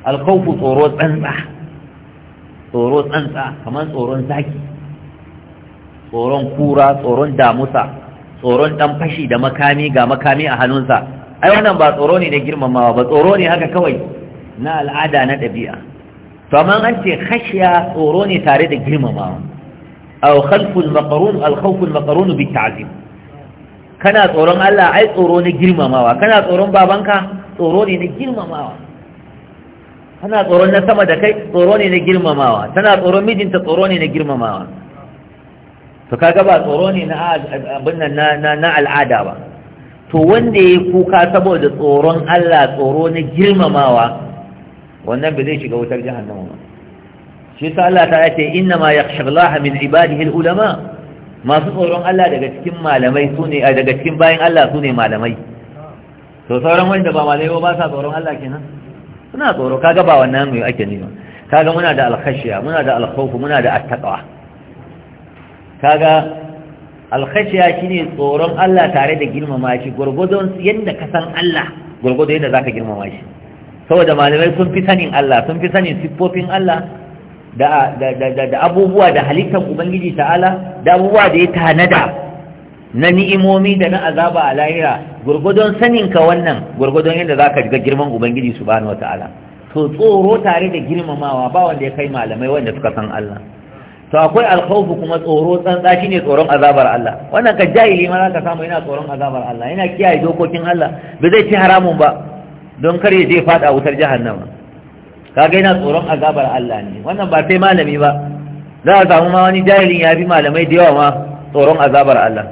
Speaker 1: alkhawfu tsoro tsantsa tsoro tsantsa kamar tsoron zaki tsoron kura tsoron damusa tsoron dan fashi da makami ga makami a hannunsa ai wannan ba tsoro ne na girmamawa ba tsoro ne haka kawai na al'ada na ɗabi'a to amma an ce khashiya tsoro ne tare da girmamawa aw khalful maqrun al khawful maqrun bi ta'zim kana tsoron Allah ai tsoro ne girmamawa kana tsoron babanka tsoro ne na girmamawa Kana tsoron na sama da kai tsoro ne na girmamawa tana tsoron mijinta tsoro ne na girmamawa to kaga ba tsoro ne na abin nan na na al'ada ba to wanda ya kuka saboda tsoron Allah tsoro na girmamawa wannan ba zai shiga wutar jahannama ba shi ta Allah ta ce inna ma yakhsha Allah min ibadihi al-ulama masu tsoron Allah daga cikin malamai sune daga cikin bayin Allah sune malamai to sauran wanda ba malamai ba sa tsoron Allah kenan suna tsoro kaga ba wannan mai ake nema kaga muna da al muna da al muna da at kaga alkhashiya shine tsoron Allah tare da girmama shi gurgudun yadda ka san Allah gurgudu yadda zaka girmama shi saboda malamai sun fi sanin Allah sun fi sanin siffofin Allah da abubuwa da halittar ubangiji ta'ala da abubuwa da ya tanada na ni'imomi da na azaba a lahira gurgudun sanin ka wannan gurgudun yadda zaka ga girman ubangiji subhanahu wataala to tsoro tare da girmamawa ba wanda ya kai malamai wanda suka san Allah to akwai alkhawfu kuma tsoro tsantsa ne tsoron azabar Allah wannan ka jahili ma zaka samu yana tsoron azabar Allah yana kiyaye dokokin Allah ba zai ci haramun ba don kar ya je fada wutar jahannama kaga yana tsoron azabar Allah ne wannan ba sai malami ba za a samu ma wani jahilin ya bi malamai da yawa ma tsoron azabar Allah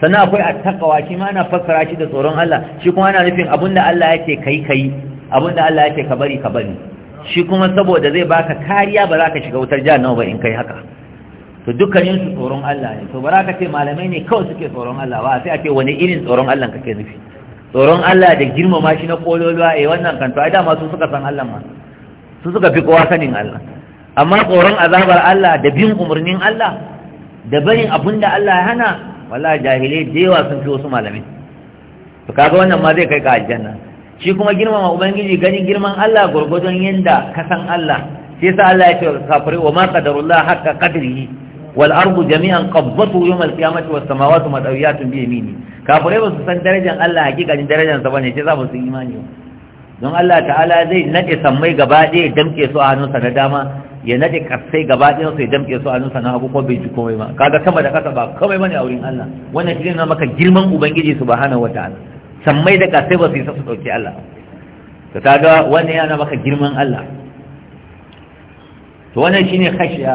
Speaker 1: sannan akwai attaqwa shi ma ana fassara shi da tsoron Allah shi kuma ana nufin abinda Allah yake kai kai abinda Allah yake ka bari ka bari shi kuma saboda zai baka kariya ba za ka shiga wutar nawa ba in kai haka to dukkanin su tsoron Allah ne to ba za ka ce malamai ne kawai suke tsoron Allah ba sai a ce wani irin tsoron Allah kake nufi tsoron Allah da girmama shi na kololuwa eh wannan kan to ai dama su suka san Allah ma su suka fi kowa sanin Allah amma tsoron azabar Allah da bin umarnin Allah da barin abin da Allah ya hana wallahi jahilai da yawa sun fi wasu malamai to kaga wannan ma zai kai ka aljanna shi kuma girmama ubangiji gani girman Allah gurgudun yanda kasan Allah sai sa Allah ya ce kafirai wa ma qadarullah haqqa qadrihi wal ardu jami'an qabdatu yawm al qiyamati was samawati madawiyatun bi yamini kafirai ba su san darajar Allah hakikanin darajar sa bane sai za su imani don Allah ta'ala zai nade sammai gaba ɗaya damke su a hannunsa na dama ya nade kasai gaba ɗaya su ya damke su a hannunsa na hagu ko bai ji komai ba kaga sama da kasa ba komai bane a wurin Allah wannan shi ne na maka girman ubangiji subhanahu wataala sammai da kasai ba su yi su ɗauki Allah to ga wani yana maka girman Allah to wannan shine khashiya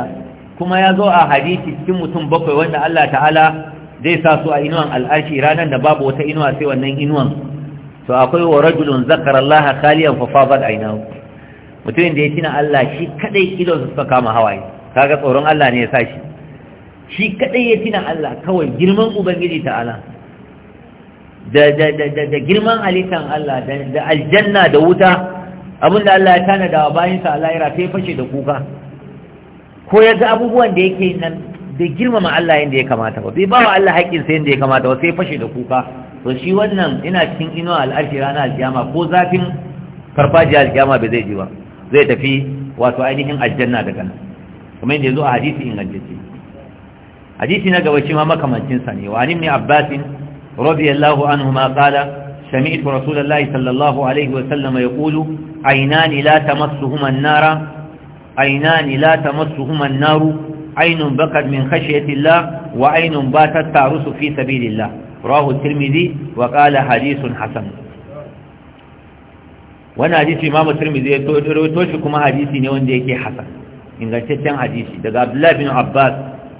Speaker 1: kuma ya zo a hadisi cikin mutum bakwai wanda Allah ta'ala zai sa su a inuwan al'ashi, ranar da babu wata inuwa sai wannan inuwan to akwai wa rajulun zakara Allah khaliyan fa fadat aynahu mutumin da ya tina Allah shi kadai idon suka kama hawaye kaga tsoron Allah ne ya sa shi shi kadai ya tina Allah kawai girman ubangiji ta'ala da girman halittar Allah da aljanna da wuta abinda Allah ya tanada wa bayansa Allah ya fashe da kuka ko ya abubuwan da yake nan bai girmama Allah yadda ya kamata ba bai ba wa Allah sai yadda ya kamata ba sai fashe da kuka to shi wannan ina cikin inuwa al'arshi ranar aljama ko zafin farfaji aljama bai zai ji ba zai tafi wato ainihin aljanna daga nan kuma yadda ya zo a hadisi ingantacce hadisi na gaba shi ma makamancinsa ne wa ni abbasin رضي الله عنهما قال سمعت رسول الله صلى الله عليه وسلم يقول عينان لا تمسهما النار عينان لا تمسهما النار عين بكت من خشية الله وعين باتت تعرس في سبيل الله راه الترمذي وقال حديث حسن وانا حديث امام الترمذي يتوش كما حديثي ني وند يكي حسن ingantaccen hadisi daga abdullahi bin abbas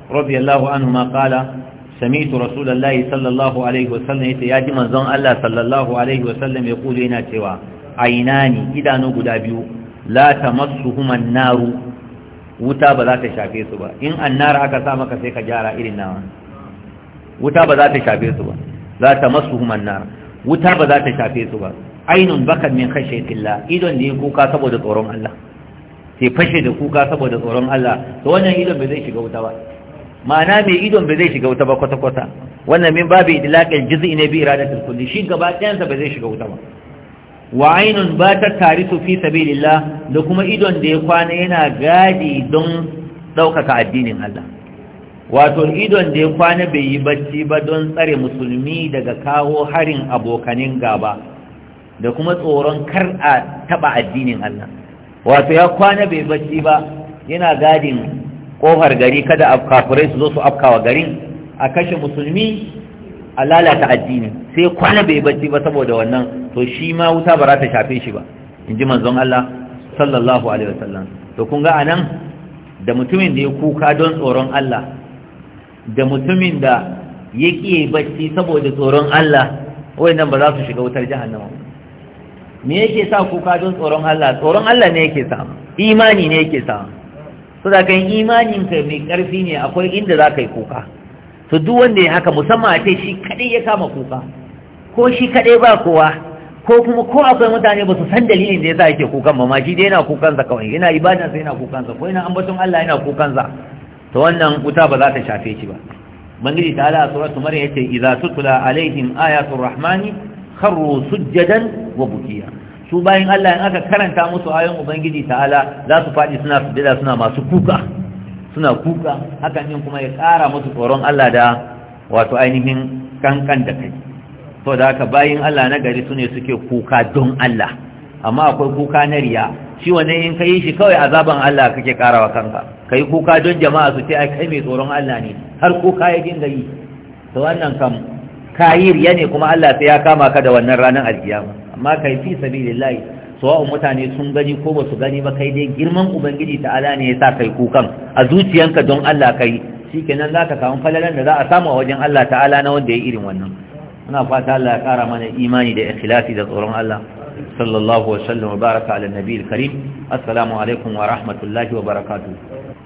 Speaker 1: radiyallahu anhu ma qala سميت رسول الله صلى الله عليه وسلم يتياجي من ظن الله صلى الله عليه وسلم يقول هنا سوا عيناني إذا نقود أبيو لا تمسهما النار wuta ba za ta shafe su ba in annara aka sa maka sai ka jara irin nawa wuta ba za ta shafe su ba za ta masu humannar wuta ba za ta shafe su ba ainun bakan min khashyatillah idon da kuka saboda tsoron Allah sai fashe da kuka saboda tsoron Allah to wannan idon bai zai shiga wuta ba ma'ana mai idon ba zai shiga wuta ba kwata-kwata wannan min babu idlaqil jizi ne bi iradatul kulli shi gaba ɗayansa ba zai shiga wuta ba wa ainun ba ta tarisu fi sabilillah da kuma idon da ya kwana yana gadi don ɗaukaka addinin Allah wato idon da ya kwana bai yi bacci ba don tsare musulmi daga kawo harin abokanin gaba da kuma tsoron kar a taɓa addinin Allah wato ya kwana bai bacci ba yana gadin kofar gari kada kafirai su zo su afkawa garin a kashe musulmi a lalata addini sai kwana bai bacci ba saboda wannan to shi ma wuta ba za ta shafe shi ba in ji manzon Allah sallallahu alaihi wasallam to kun ga anan da mutumin da ya kuka don tsoron Allah da mutumin da ya kiye bacci saboda tsoron Allah nan ba za su shiga wutar jahannama me yake sa kuka don tsoron Allah tsoron Allah ne yake sa imani ne yake sa so da kan imanin ka mai karfi ne akwai inda za ka yi kuka to duk wanda ya haka musamman a ce shi kadai ya kama kuka ko shi kadai ba kowa ko kuma ko akwai mutane ba su san dalilin da ya sa yake kukan ba ma shi dai yana kukansa kawai yana ibadansa yana kukansa ko yana ambaton Allah yana kukansa to wannan wuta ba za ta shafe shi ba bangiji ta ala suratu maryam yace idza tutla alaihim ayatu rahmani kharru sujjadan wa bukiya su bayan Allah in aka karanta musu ayoyin ubangiji ta'ala za su faɗi suna sujjada suna masu kuka suna kuka hakan yin kuma ya ƙara musu tsoron Allah da wato ainihin kankan da kai to da haka bayin Allah na gari su ne suke kuka don Allah amma akwai kuka na riya shi wanne in kai shi kawai azaban Allah kake karawa kanka kai kuka don jama'a su ce ai kai mai tsoron Allah ne har kuka ya dinga yi to wannan kam kayir riya ne kuma Allah sai ya kama ka da wannan ranar alkiyama amma kai fi sabilillahi sawa'un mutane sun gani ko basu gani ba kai dai girman ubangiji ta'ala ne ya sa kai kukan a zuciyanka don Allah kai shikenan zaka samu falalan da za a samu a wajen Allah ta'ala na wanda ya irin wannan muna fata Allah ya kara mana imani da ikhlasi da tsoron Allah sallallahu wa sallam wa baraka ala nabiyil karim assalamu alaikum wa rahmatullahi wa barakatuh